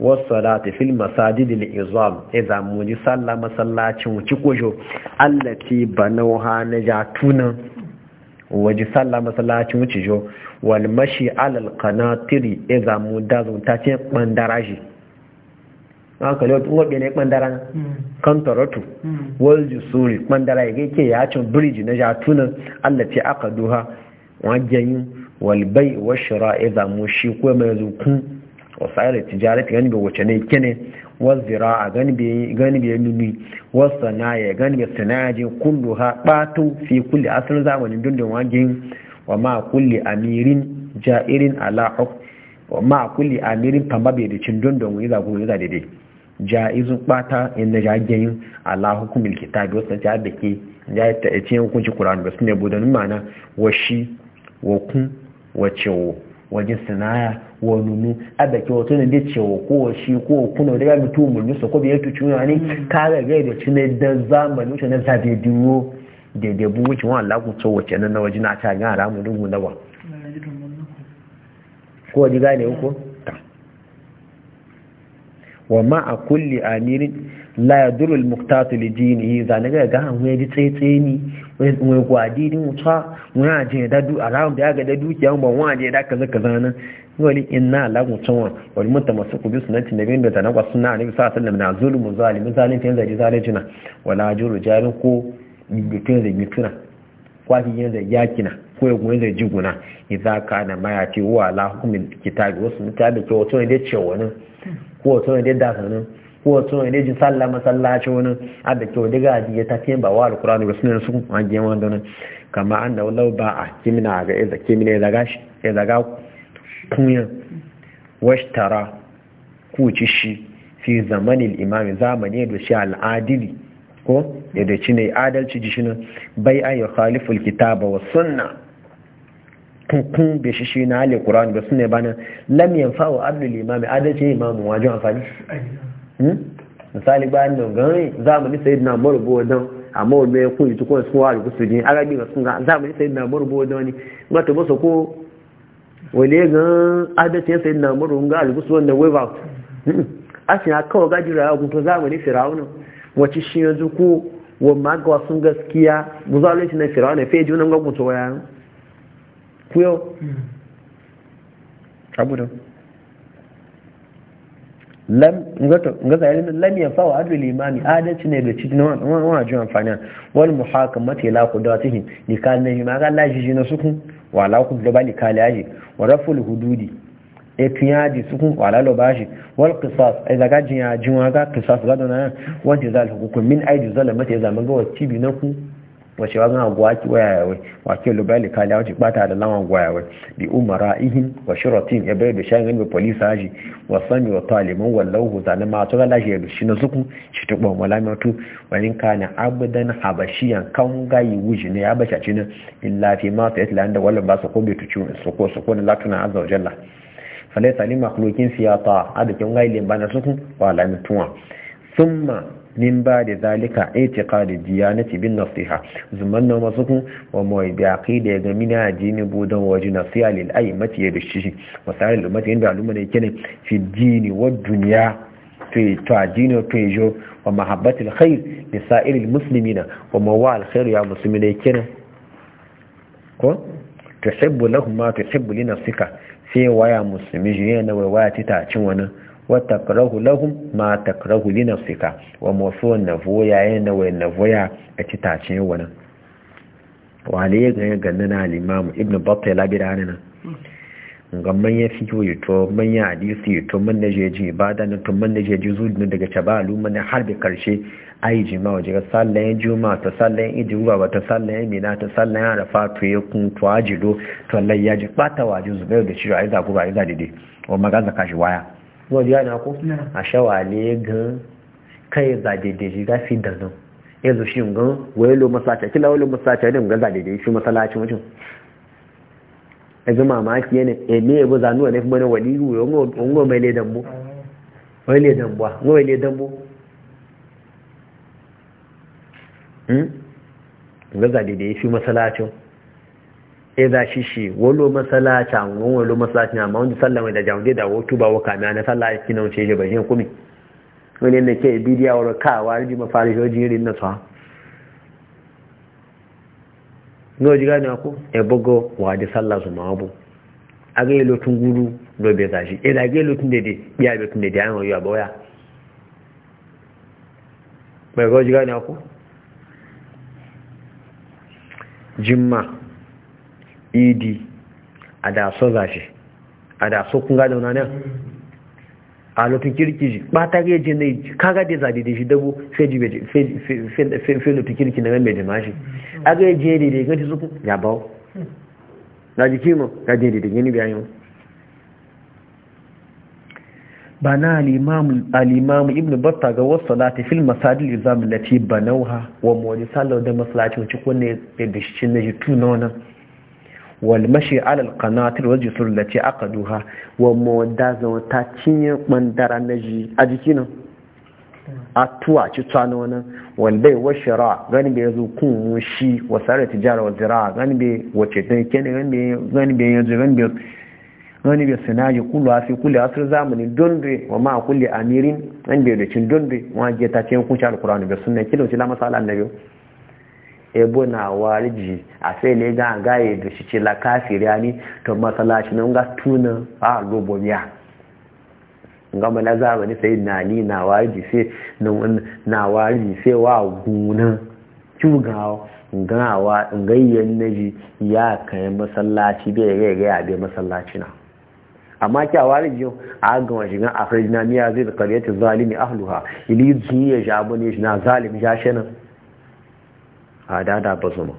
wasalati fil masajidil izam idan muji salla masallacin ci kojo allati banawha naja tunan waji salla masallacin wuci jo wal mashi alal qanatiri idza mudazun ta ce bandaraji haka lewa tun wabe ne kan kantaratu wal jusuri bandara ya gaike ya cin birji na jatunan allati aka duha wajen yin bai wa shira idza shi ko mai zukun wasa'ir tijarati gani bai wace ne kene was zira'a gani bai nuni was sanaya gani bai je kullu ha batu fi kulli asalin zamanin dundun wagin wa ma kulli amirin ja'irin ala hukm wa ma kulli amirin tamba bai da cin dundun wani zagu wani za dai ja'izun bata da jagen ala hukumin kitabi wasu ta da ke ya ta ce hukunci kur'an ba su ne budanin mana washi shi wa kun wa cewo waje sinaya wa nunu abe ke wato ne da cewa kowa shi ko kuna da ga mutu mulmi so ko biyar tuci mm. ne ka ga ga da cin da zamani wuce na zabe duro da da bu wuce wani Allah ku to wace nan na waje na ta ga ramu dubu na ba ko ji gane ko wa ma a kulli amirin la yadurul muqtatu li yi zane ga ga hanwe di tsetse ni wai gwadi din mutsa wai aje da du around da ga da dukiya ban wa aje da kaza kaza nan wali inna la mutsawa masu mutamassiku bi sunnati nabiyyin da tanaka sunna annabi sallallahu alaihi wasallam na zulmun zalimin zalimin zai zalijina wala juru jarin ko mutum zai mutuna kwafi yin zai yakina ko ya kuma zai jiguna idza ka na maya ce wa la hukumin kitabi wasu mutane da ke wato ne da cewa ko wato ne da sanin ko sun ne jin sallah masallaci wani abin to wadiga a jiya ta fiye ba wa alkurani ba sunan sun wajen wani nan kama an da walau ba a kimina ga iza kimina ya zaga shi ya zaga kunya ku ci shi fi zamanin imamin zamani da shi al'adili ko ya da ci ne adalci ji nan bai a yi khaliful kitaba wa sunna kun bai shi shi na alkurani ba sunan ba nan lam yanfa wa abdul imami adalci imamin wajen amfani Hmm? misali bayan da gani zamani sai na marubo don amma wanda ya koyi tukon sun wari kusu jini aga bi ga sun ga zamani sai na marubo don ne mata masa ko wale ga adalci ya sai na marubo ga alkusu wanda wai ba a shi kawo gajira ya gutu zamani firawuna wacce shi yanzu gaskiya lam ga zahirin lam ya fawa adul imami adalci ne da cikin wani jin amfani wani mata ya laku da wata hin likan na hima ga ji na sukun wa laku da ba likali yaji wa raful hududi e tun yaji sukun wa lalo ba shi wal qisas ai e zaga jin ya jin wa ga qisas ga dona wanda zal hukum min aidi zalamata ya e zama ga wacce bi na ku wace wa zana gwaki wayawai wake lubali kali wace bata da lawan gwayawai bi umara ihin wa shiratin ya bai da shayin gani polisi haji wa sami wa wallau wallahu zane ma masu gala shi dushi na zuku shi ta gbon wala mutu wani kane abudan habashiyan kan gayi wuji ne ya basha cin illa fi ma ta tilayen da wallan ba su ko bai tuci su ko su ko da latuna azza wa jalla falai salim makhluqin siyata adakin gayi limba na suku wala mutuwa summa min ba da zalika itiqadi diyanati bin nasiha zuman na masu kun wa mai bi aqida ga mina jini budan waje nasiha lil mati ya bishi masalil mati inda alumma ne kene fi dini wa dunya to to adini to jo wa mahabbatil khair li sa'iril muslimina wa mawal khair ya muslimina kene ko tuhibbu lahum ma tuhibbu li nafsika sai waya muslimi je yana waya ta cin wani watakrahu lahum ma takrahu li nafsika wa na voya yana wa voya a citace wannan Wa ya ga ganna na al-imam ibn battal labira hannana ga manya fiyo yito ya hadisi yito man da jeji ibada na to man da jeji zuwa daga cabalu man har da karshe ai jima waje ga sallan juma ta sallan ijuba ba ta sallan mina ta sallan arafa to ya kun to ajido to Allah ya ji bata waje zubairu da shi ai za ku ba ai za dide wa magaza kashi waya wọ́n yá ko a àṣẹwàlẹ́ gan kai zadedeji ga fi shi gan wayelo masace kila wayelo masace gan shi masallacin wajen yanzu mamaki yana eme yabo zanuwa ne kuma na wali wuyo ngo mai le dambo wai dambo ngo dambo gan e za shi shi walo masalaci an walo masalaci amma wanda sallama da jamde da wato ba waka na sallah ya kina wuce ba shi kumi wani ne ke bidiya wa kawa riji mafari shi irin na sa no ji gane ko e bugo wa da sallah su mabu aga yi lotun guru do be za shi e da ga lotun dede biya be tun dede an yo ba waya mai ga ji gane ko jimma idi a da so zashi a da so kun gada wani nan a lotin kirki ji ba ta na ne kaga da zaɗi da shi dabo sai ji sai lotun kirki na mai jama'a shi a gaje ne da ya ganci ya bawo na jiki mu na je da gani bayan بنى الإمام الإمام ابن بطة banauha wa mawani المساجد da masalacin cikin wani صلى الله عليه وسلم وتكون يدشتنا جتونونا walmashi alal kanatar wajen surlace aka duha wa mawada zama ta cinye ɓandara na ji a jiki nan a tuwa ci tsano wani wanda ya washe gani bai zo kun shi wa sarar tijara wa zira gani bai wace ta kene gani bai yanzu gani bai sinaji kulu a fi kulu a zamani donde wa ma kulle amirin gani bai da cin donde wa ta ce kun shi na bai sunan kilo shi la na biyu. ebo na warji a sai ne ga gaye da shi ce la kafiriya ni to masallaci na ga tuna a gobomiya ga mana zaba ni sai na ni na warji sai na warji sai wa guna cugawa gawa gayyan naji ya kai masallaci bai ga ga ya bai masallaci na amma kya wari yau a gama ga afirjina miya zai da karyar zalimi ahluha ili zuwa ya na zalim ya shanan a dada ba ma.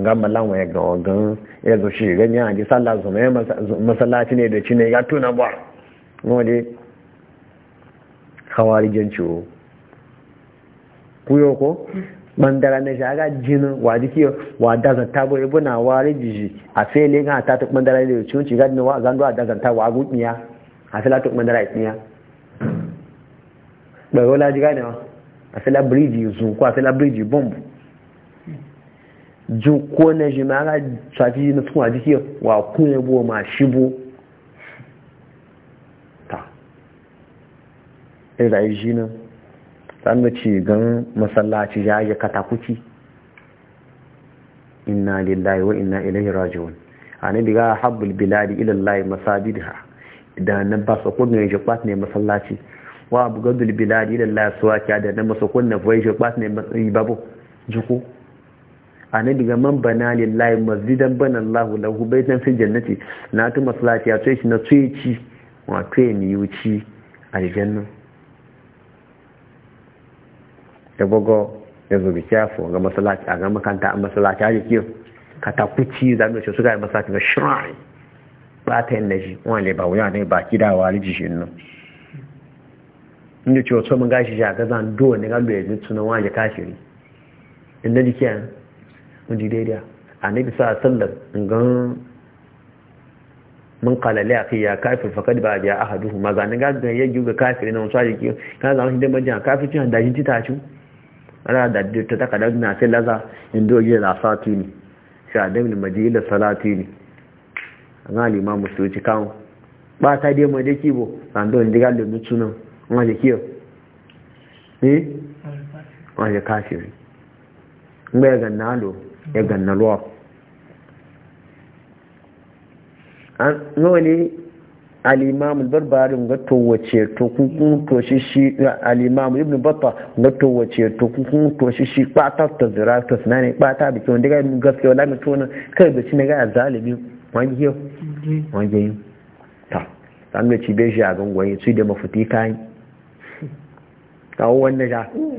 nga malan waya ga ogan ya zo shi ganya a ji sallah zuma ya masallaci ne da cine ya tuna ba wani hawarijan ciwo kuyo ko bandara na shaga jinin wa jiki wa dazan tabo ibu na wari jiji a fele ga ta tuk bandara da ciwon ci gadin wa zan a dazan tabo a gutniya a fela tuk bandara itniya bai wala ji ganewa a fila biriji zun a fila biriji bombu ju ko na shi ma ga shafi na tuwa jiki wa kun bo ma shibo ta ira yi shi nan san da ci gan masallaci ya yi katakuki inna lillahi wa inna ilaihi raji'un ani diga habbul biladi ila allahi masabidha da na ba su kun ne ji kwat ne masallaci wa abu gadul biladi ila allahi suwaki da na masu kun ne voyage kwat ne babu juku nabi ga man bana lillahi masjidan bana Allahu lahu baitan fi jannati na tu maslati ya ce shi na tsaye ci wa tsaye mi yuci jannan da gogo ya zobe bi kyafo ga masallaci a ga makanta a masallaci a jikin katakuci za mu ce suka yi masallaci ga shrine ba ta yin naji wani ba wuya ne ba kidawa shi nan inda ce wasu mun gashi shi a gazan dole ne ga lura yanzu tunan wani kashiri inda jikin mun ji daidai annabi sa sallar, ngan mun kala a kai ya kafir fakad ba biya ahaduhu ma zanin ga ga yaji ga kafir nan sai ki kan zama shi da majin kafir tun da shi titacu ala da ta ta kada na sai laza indo ya la sati ni sai da min majil la salati ni an limamu su ci kan ba ta dai mai dake bo san don diga da mutsunan ma je kiyo eh ma je kafir ngai ga nalo ya ganna luwa an wani alimamu barbarin ga towace to kukun toshi shi alimamu ibn batta ga towace to kukun toshi shi kwata ta zira ta suna ne kwata da ke wanda ga gaskiya wala mai tona kai da shi na gaya zalibi wani yau wani yau ta ta mai cibe shi a gangwaye su da mafuti kayan kawo wannan ja mm.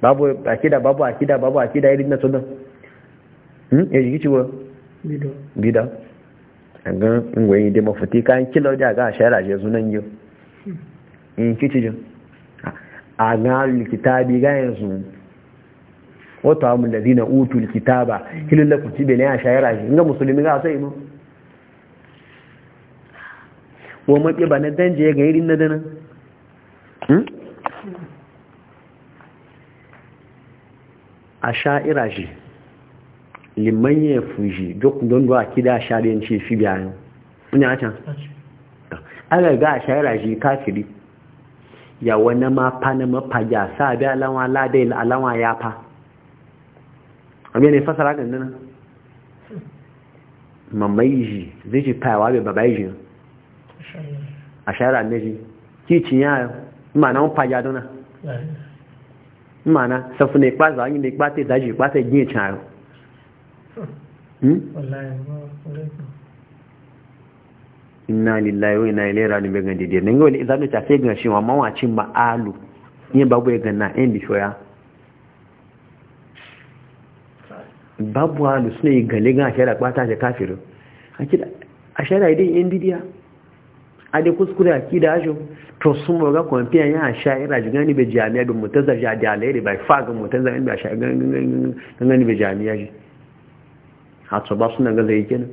babu akida babu akida babu akida irin na sunan ya jiki ciwo bida a gan ingwayi da mafuti kayan kilo da ga shara je sunan yau in ci jin a gan likitabi ga yanzu wata amu da zina utu likitaba kilin da kuci bele ya shara je inga musulmi ga sai mu wa maƙi ba na ya ga irin na dana a sha'ira liman ya fuji duk don duwa kida shari'in ce fi bayan wani a can an ga a shari'a shi kafiri ya wani mafa na mafaja sa bi alawa ladai alawa ya fa abin ne fasara ga nan mamayi shi zai ci fayawa bai babayi shi a shari'a ne shi kicin ya mana mafaja duna mana safi ne kpa zawon yi ne kpa te daji kpa te gini can Hmm? inna lillahi wa inna ilaihi raji'un bega gande dai ngol izanu ta fe gan shin wa mawacin ma'alu ni babu ya na endi bi shoya babu alu sune gale gan shara kwata ta kafiru akida ashara idin indidia ade kuskure akida ajo to sun mo ga kwamfiya ya ashara jigani be jami'a be mutazza jadi alheri by fag mutazza be ashara gani be jami'a hatsa ba suna ga zai gina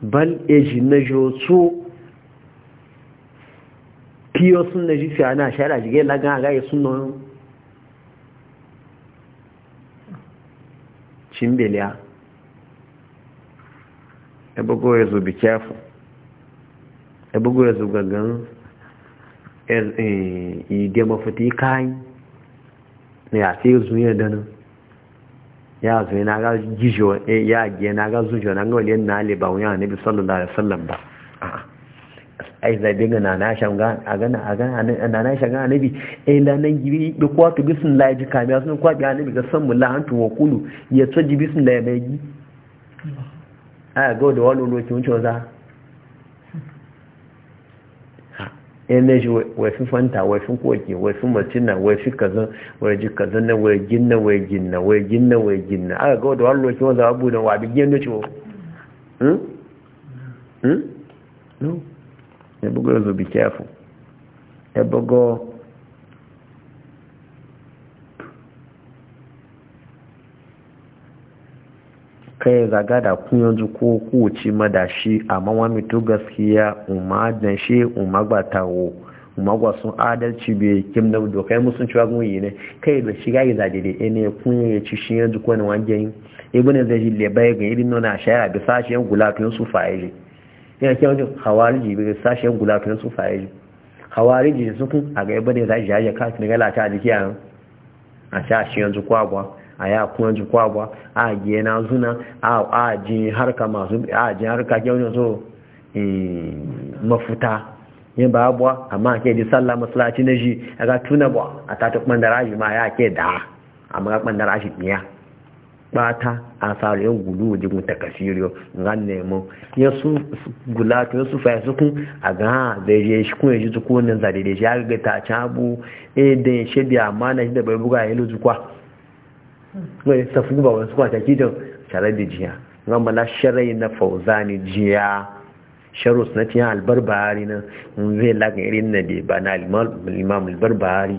bal eji na su piyo sun na jifi ana shara jige lagan agaye sun nan cimbeliya ebugo ya zo be careful ebugo ya zo gangan idiyar er, eh, yi kayan na yasi sai zuwa da nan ya zo na ga gijo eh, ya ge na ga zujo na ga waliyan na ali ba wani nabi sallallahu alaihi wasallam ba ai zai dinga na na shan ga a ga a ga na na shan ga annabi eh la nan gibi bi kwa to bisin la ji kamiya sun kwa bi nabi ga san mulla antu wa kulu ya ji bisin la ya bai gi a ga da wani lokacin cewa za energy fi fanta wafi koke wafi macina fi kazan ji kazan na gin na gin na waje gin na ginna gin na aka gawo da wani lokacin wanzu abu da wa bigiyar na ciwo hmm? hmm? no ya bugu yanzu be careful ya bugu kai zaga da kun yanzu ko kuci madashi amma wa mitu gaskiya umma danshe umma gbatawo umma gwa sun adalci bai kim da dokai musun cewa gun yi ne kai da shiga yi zaje da ne kun yi ci shi yanzu ko ne wanje yin ibn zai le bai ga irin nona shaya da sashen gulatun su fa'ili yana kiyan wajen hawariji bi sashen gulatun su fa'ili hawariji su kun a ga ibn zai jaje ka ne ga lata a jiki a a sha shi yanzu kwagwa a ya kuma ji kwagwa a je na zuna a ji harka masu a ji harka kyau so eh, mafuta yin ba abuwa amma ke di sallah masalaci na shi a ga tuna ba a ta tukman da rashi ma ya ke da amma ga kman da rashi biya bata a tsari yin gudu wajen mutu kasiriyo ran nemo ya su gulatu ya su su kun a ga zai je shi kun ya ji zuku zare da shi ya ga ta can abu e da ya shi biya amma na shi da bai buga ya lu zukwa wai safu ba wasu kwata kidan tare da jiya gama na sharai na fauza ne jiya sharos na tiyan albarbahari na zai lagan irin na da ba na limam albarbahari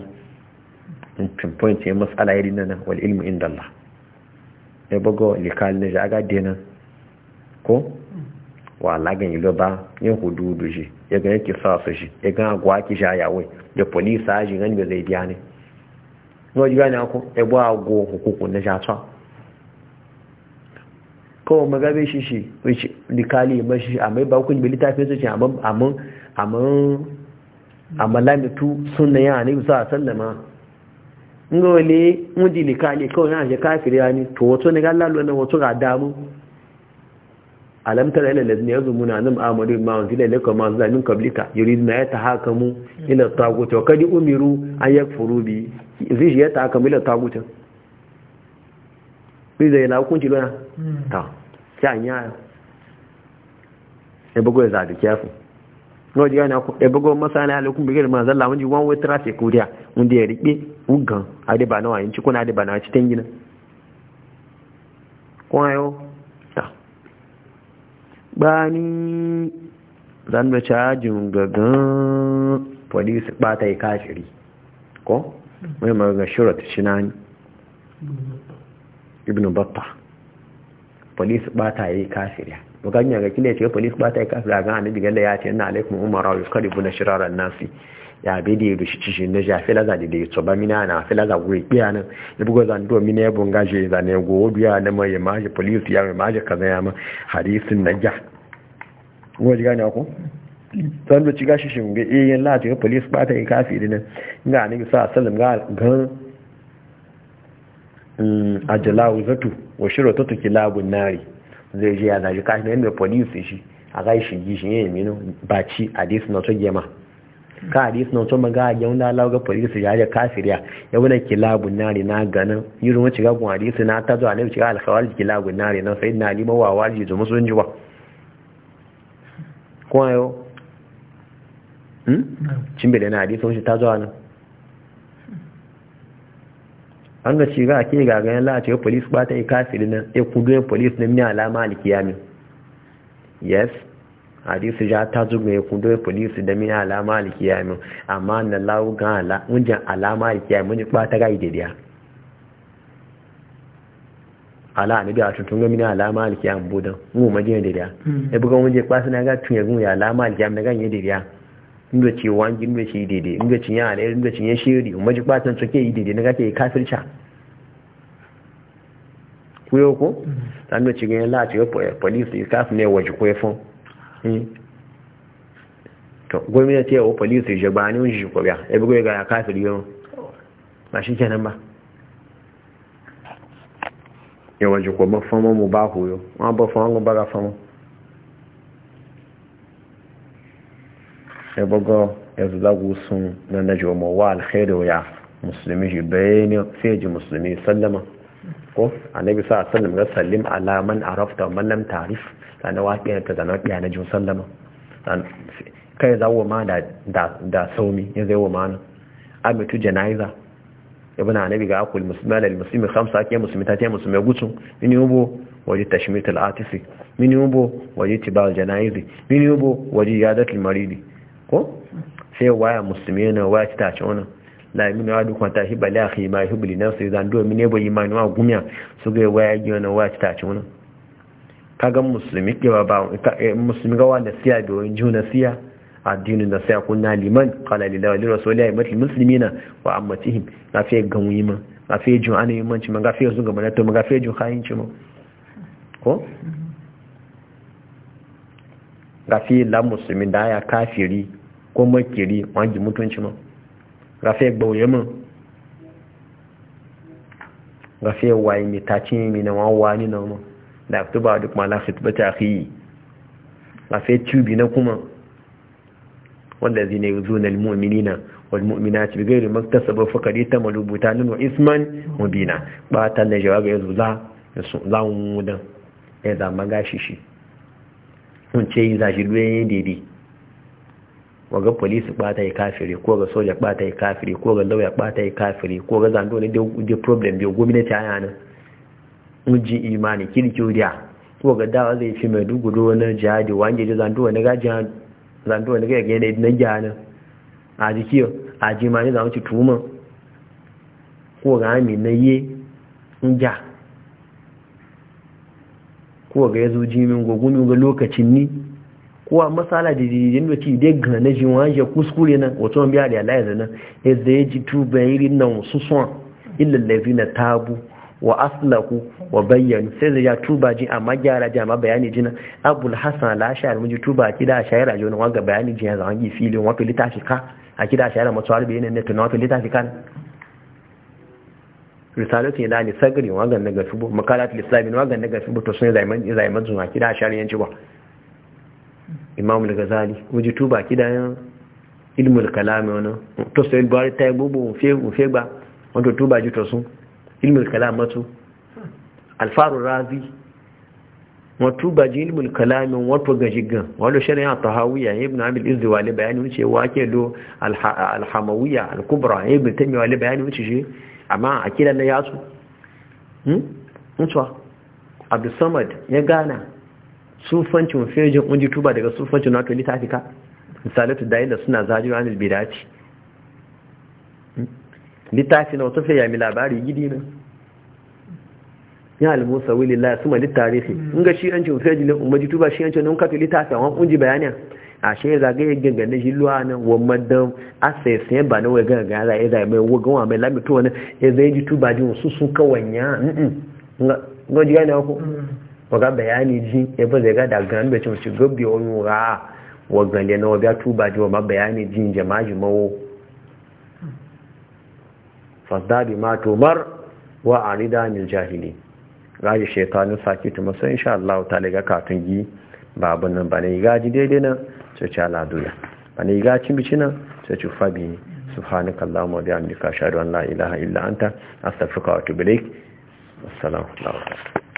in pinpoint ya matsala irin na wal ilmu inda Allah ya bago likali na jaga dina ko wa lagan ilo ba ya hududu shi ya ga yake sa su shi ya ga agwa ki sha yawai da polisa shi gani ba zai biya ne wajen gane ku ebo ago hukuku na jata kawai magabe shishi, shi which likali ma shi a mai bakun bai littafi su ce amma lamitu suna yana ne sa sallama in ga wale wujin likali kawai na shi kafir ya ni to wato ne ga lalwa na wato ga damu alam tara ila lazina yazumuna annam amadu ma unzila ilayka ma unzila min qablika yuriduna yatahakamu ila tagut wa kad umiru an yakfuru bi zai yatahakamu ila tagut bi zai na hukunci lona hmm. ta sai an yaya e bugo za da kiyafu no ji gane e bugo masana alaikum bigir ma zalla mun ji one way traffic kuriya mun da ya ribe ugan ade ba na wayin ci kuna ade ba na ci tangina kwayo bani zan da cajin gagan polisi bata yi kashiri ko mai magaga shirat shinani ibn batta polisi bata yi kashiri bugan yaga kile ce polisi bata yi kashiri ga annabi galla ya ce inna alaikum umara yusqadibu na shirarar nasi ya be da yudu e shi cishi e na ja filaza da ya ba mina na filaza gure biya nan da bugu za ndo mina ya e bunga je za ne go biya na ye ma je police ya ma je ka ya ma hadisin na ja go ji gane ko san da ci gashi shi ga e yan la ti police ba ta kafi dinan ga annabi sa sallam ga gan mm, ajalawu zatu wa shiratu kilabun nari zai je ya zaji kashi ne mai police shi a gaishin shi yayin mino ci hadisi na to gema ka hadis na to maga ya wanda Allah ga polisi ya yaje kafiriya ya wuna kilabu nari na ganin yiru mu ciga gun hadis na ta zo alai ciga alkhawal kilabun nari na sai na lima wa waji zo musu inji jiwa ko cin hm na hadis sun ta zuwa nan an ga shiga ake ga ganin la ce police ba ta yi kafiri na, ya kudu police na min alama alkiyami yes hadisi ya ta zuga ya kundo ya polisi da mini alama alkiya min amma na lawo gan ala wajen alama alkiya min ni kwata ga idediya ala ni biya tun ga mini alama alkiya min budan mu ma jin idediya hmm. e bugan wajen kwasa na ga tun ya gun ya alama alkiya min ga yin idediya inda ce wangi inda ce idede inda ce ya alai inda ce ya shiri mu ji ke yi idede na ga ke kafirca kuyo ko dan hmm. da ci ga la ci ga police kafin ne waje ko ya fon Hmm. to gwamnati ya wa polisi ya ba ne wani shi kwabiya ya bugu ya gaya kafir yau ba shi kenan ba yawa ji kwa mafama mu ba koyo ma ba fama mu ba ga fama ya bugu ya zagu sun nan da jiwa mawa alheri ya musulmi shi ne sai ji musulmi sallama ko annabi sa sallam ga sallim alaman arafta man ta'rif sana wake na ta zana ana na jin sallama kai zawo ma da da saumi ya zai wa ma'ana amitu janaiza ibn anabi ga akul musulmi da muslimi khamsa ke musulmi ta ce musulmi gutsun min yubo waje tashmit al atisi mini ubo waje tibal janaizi mini ubo waje yadat al maridi ko sai waya muslimi na waya ta ci wannan la mini wa duk ta hibali akhi ma hibli nafsi zan do mini bo imani wa gumiya su ga waya gi wannan waya ta ci wannan kagan musulmi kewa ba eh, musulmi gawa na siya da wani jihu na siya addinin na siya kuna liman kala lilawa lura so liya mafi musulmi na wa ammatihim na fiye ganwi ma na fiye jin ana yi manci ma ga fiye zuga manato to ma ga fiye jin kayan ci ma ko ga fiye la musulmi da ya kafiri ko makiri wani mutunci ma ga fiye gbauye ma ga fiye waye mai tacin mai na wani wani na ma da aftu ba duk mala ta akhi a sai tubi na kuma wallazina yuzuna almu'minina walmu'minati bighairi maktasabu ta malubuta nan wa isman mubina ba ta da jawabi yanzu za su lawo da ya da magashi shi mun ce yin zashi duyen daidai waga polisi bata yi kafiri ko ga soja bata yi kafiri ko ga lauya bata yi kafiri ko ga zando ne da problem biyu gwamnati a yanar muji imani kirkiyodiya ko ga dawa zai fi mai dugudu wani jihadi wani ji zanduwa na gajiya zanduwa na gajiya na idinan jihana a jikiyo a ji jimani za wuce tuman ko ga ami na ye nja ko ga ya zo ji min gwagwami ga lokacin ni ko a matsala da jijin da ci dai ga na wani wani kuskure nan wato biya da ya laye zanen ya zai ji tubayin rinnan su son na tabu wa aslahu wa bayyanu sai zai ya tuba ji amma gyara ji amma bayani jina abul hasan la mu ji tuba ki da shayar a jona wanga bayani ji ya zangi filin wato litafi ka a kida shahar masu harbi ne ne tunan wato litafi kan risalatu ila ni sagri wanga daga subu makalat lislami wanga daga subu to sun zaiman zaiman zuwa kida shayar yanci ba imam al-ghazali ji tuba kida ilmul kalami wannan to sai bari ta bubu fe fe ba wato tuba ji to sun ilmul kalam wato alfaru razi wato ji ilmul kalamin wato gajigan wato shari'a tahawiyya ibn abil izdi wale bayani wuce ke do alhamawiya alkubra ibn taymiya wale bayani wuce shi amma akida na yasu mutuwa abdul samad ya gana sufancin fejin unji tuba daga sufancin wato litafika misalatu da suna zajiyar anil bidati littafi na wata ya mi labari gidi na ya almusa wili la suma littarihi in ga shi yancin fejilin umarji tuba shi yancin nun kato littafi wani kunji bayani a shi ya zagaye gangane shi luwa nan wa madan asesi ya ba na wai ganga ya zai zai mai wagonwa mai lamito wani ya zai ji tuba ji wasu sun kawai ya ga ji gane ku mm. waga bayani ji ya ba zai ga da gani bai cin shi gabbe wani wa wa gande na wa biya tuba ji wa ma bayani ji jama'a jimawo fasda bi ma tumar wa anida mil jahili gaji shaytanu saki tuma sai insha Allah ta'ala lega katun gi babun nan bane gaji daidai nan sai ci ala duya bane gaji bici nan sai ci fabi subhanakallahumma wa bihamdika ashhadu an la ilaha illa anta astaghfiruka wa atubu ilaik assalamu alaikum